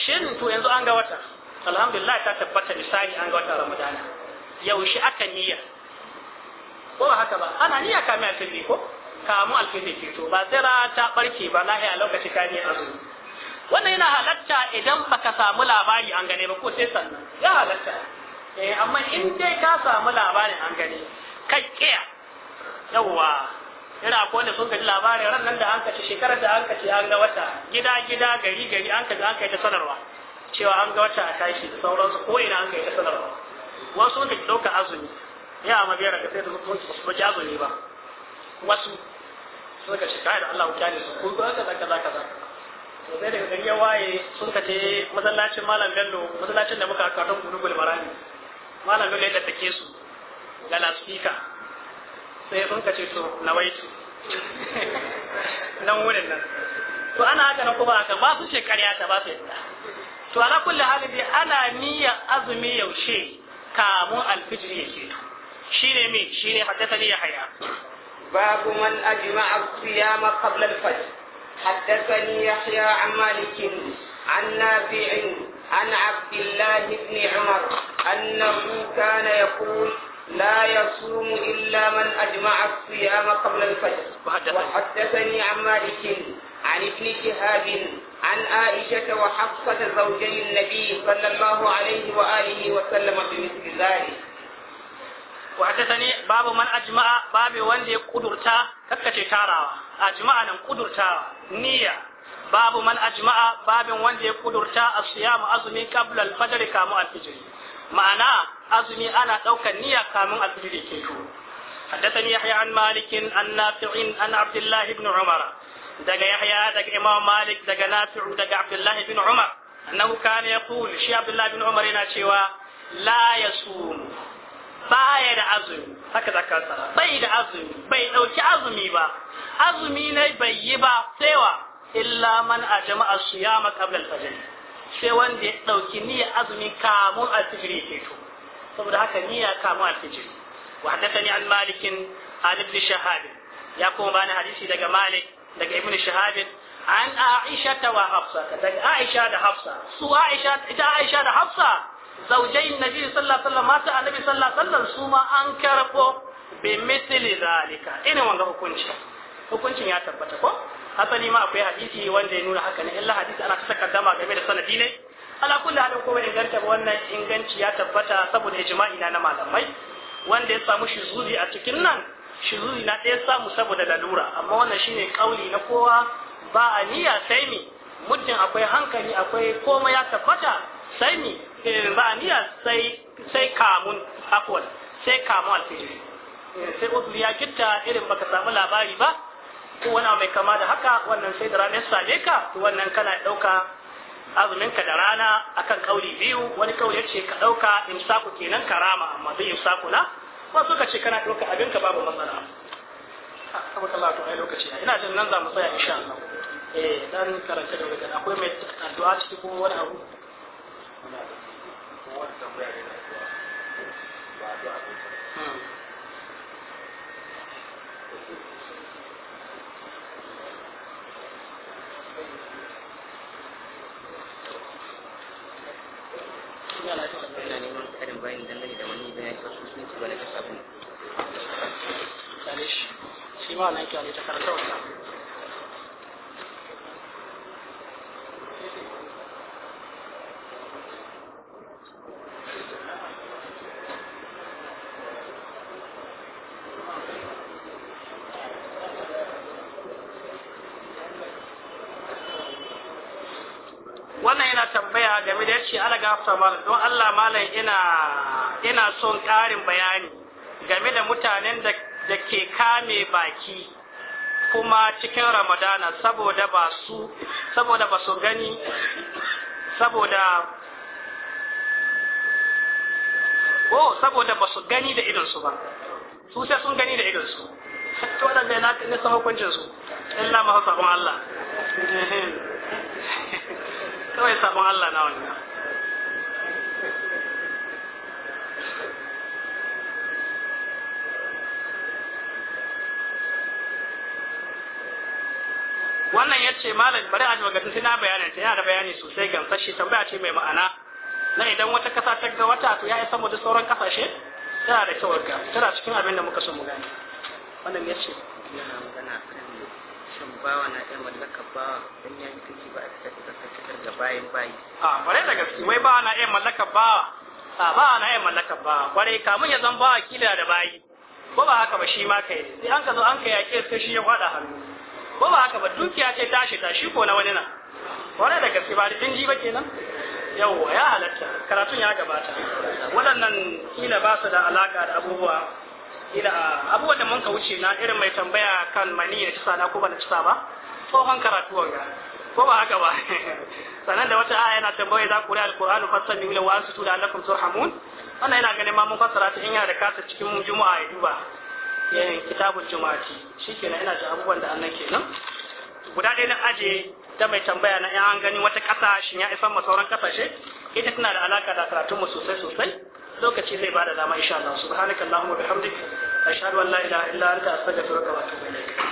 shin to yanzu an ga wata alhamdulillah ta tabbata misali an ga wata ramadana yaushe aka niyya ko haka ba ana niyya kamin alfitri ko kamun alfitri to. ba tsira ta barke ba lahiya lokaci ta ne azumi wannan yana halatta idan baka samu labari an gane ba ko sai sannan ya halatta eh amma in dai ka samu labarin an gane kakkiya yawwa irin akwai wanda sun gaji labarin ran nan da an kace shekarar da an kace an ga wata gida gida gari gari an kace an kai ta sanarwa cewa an ga wata a tashi da sauransu ko ina an kai ta sanarwa wasu sun ke ɗauka azumi ya amma biyar ka sai da mutum su ba azumi ba wasu sun ka shekara da Allah ku kyale su ka ka kaza ka kaza to sai daga gari ya waye sun kace masallacin malam bello masallacin da muka kawo gurugul marami malam bello ya tattake su ga lasfika sai sun ka ce to nawaitu nan wurin nan to ana haka na kuma haka ba su ce karya ta ba su yadda to ala kulli hali dai ana niyyar azumi yaushe kamun alfijir ya keto shine me shine haddathani ya haya babu man ajma'a siyama qabla al-fajr haddathani yahya an malik an nafi' عن عبد الله بن عمر أنه كان يقول لا يصوم إلا من أجمع الصيام قبل الفجر وحدثني عن مالك عن ابن شهاب عن عائشة وحفصة زوجي النبي صلى الله عليه وآله وسلم بمثل ذلك وحدثني باب من أجمع باب وندي قدرتا ككتي تارا أجمع نم قدرتا نية باب من أجمع باب وندي قدرتا الصيام أزمي قبل الفجر كما الفجر معناه azumi ana ɗaukar niyya kamin alfijiri ke to حدثني يحيى عن مالك عن نافع عن عبد الله بن عمر daga Yahya daga Imam Malik daga Nafi'u daga Abdullah bin Umar annahu kana yaqul shi Abdullah bin Umar yana cewa la yasum baya da azumi haka zaka sara bai da azumi bai dauki azumi ba azumi ne bai yi ba saiwa illa man ajama as-siyama qabla al-fajr sai wanda ya ɗauki niyyar azumi kamun al saboda haka niyya kamu a cikin wa haddathani an malikin an ibn shahab ya kuma bani hadisi daga malik daga ibn shahab an aisha ta wa hafsa daga aisha da hafsa su aisha ita aisha da hafsa zaujain nabi sallallahu alaihi wasallam mata annabi sallallahu alaihi wasallam su ma an karbo bi misli zalika irin wanga hukunci hukuncin ya tabbata ko asali ma akwai hadisi wanda ya nuna haka ne illa hadisi ana ta takaddama game da sanadi ne ala kulli halin ko inganta wannan inganci ya tabbata saboda ijma'i na malamai wanda ya samu shuzuzi a cikin nan shuzuzi na ɗaya samu saboda lalura amma wannan shine kauli na kowa ba a niyya sai mi muddin akwai hankali akwai komai ya tabbata sai mi eh, ba a niyya sai sai kamun akwai sai kamun alfijiri eh, sai usul ya kitta irin baka samu labari ba ko wani mai kama da haka wannan sai da ranar same ka wannan kana ɗauka azumin ka da rana akan kauli biyu wani kauli ce ka ɗauka. imsaku kenan karama amma bai imsaku na. wasu ka ce kana ɗauka abin ka babu matsala saboda ta to ai lokaci ina jin nan za mu tsaya insha Allah eh dan karanta da wajen akwai mai addu'a ciki kuma wani abu wanda ba addu'a wannan yana tambaya game da yace ala gafta mal don Allah malam ina ina son karin bayani game da mutanen da da ke kame baki kuma cikin ramadana saboda ba su saboda ba su gani saboda oh saboda ba su gani da idonsu ba su sai sun gani da idonsu to waɗanda ya na san hukuncin su illa masu sabon Allah kawai sabon Allah na wannan wannan ya ce malam bari a jimagatun sai na bayani ta yana da bayani sosai gamsashi tambaya ce mai ma'ana na idan wata kasa ta ga wata to ya isa mu duk sauran kasashe tana da kyau ga tana cikin abin da muka so mu gane wannan ya ce yana magana kan Shan bawa na iya mallakar bawa dan ya yi kake ba a fitar da bayan bayi a bare da gaske wai bawa na iya mallakar bawa a bawa na iya mallakar bawa bare kamun ya zan bawa kila da bayi ko ba haka ba shi ma kai sai an ka zo an ka yaƙe sai shi ya faɗa hannu ko ba haka ba dukiya ce tashi ta ko na wani na wani da gaske ba din ji ba kenan yawwa ya halatta karatun ya gabata waɗannan kila ba su da alaka da abubuwa kila ah, abubuwan da mun ka wuce na irin mai tambaya kan mani ya ci sana ko ba na ci ba tsohon karatuwar ga ko ba haka ba sannan da wata aya yana tambaye za ku ri alqur'anu fasali ila wa ansu da turhamun wannan yana ganin ma mun fassara ta in yana da kasa cikin juma'a ya duba yayin eh, kitabul juma'ati shikenan ina da abubuwan da annan kenan guda ɗaya na aje ta mai tambaya na in an gani wata ƙasa shin ya isan ma sauran ƙasashe ita tana da alaka da karatun mu sosai sosai lokaci zai bada dama insha Allah subhanakallahumma bihamdik ashhadu an la ilaha illa anta astaghfiruka wa atubu ilaik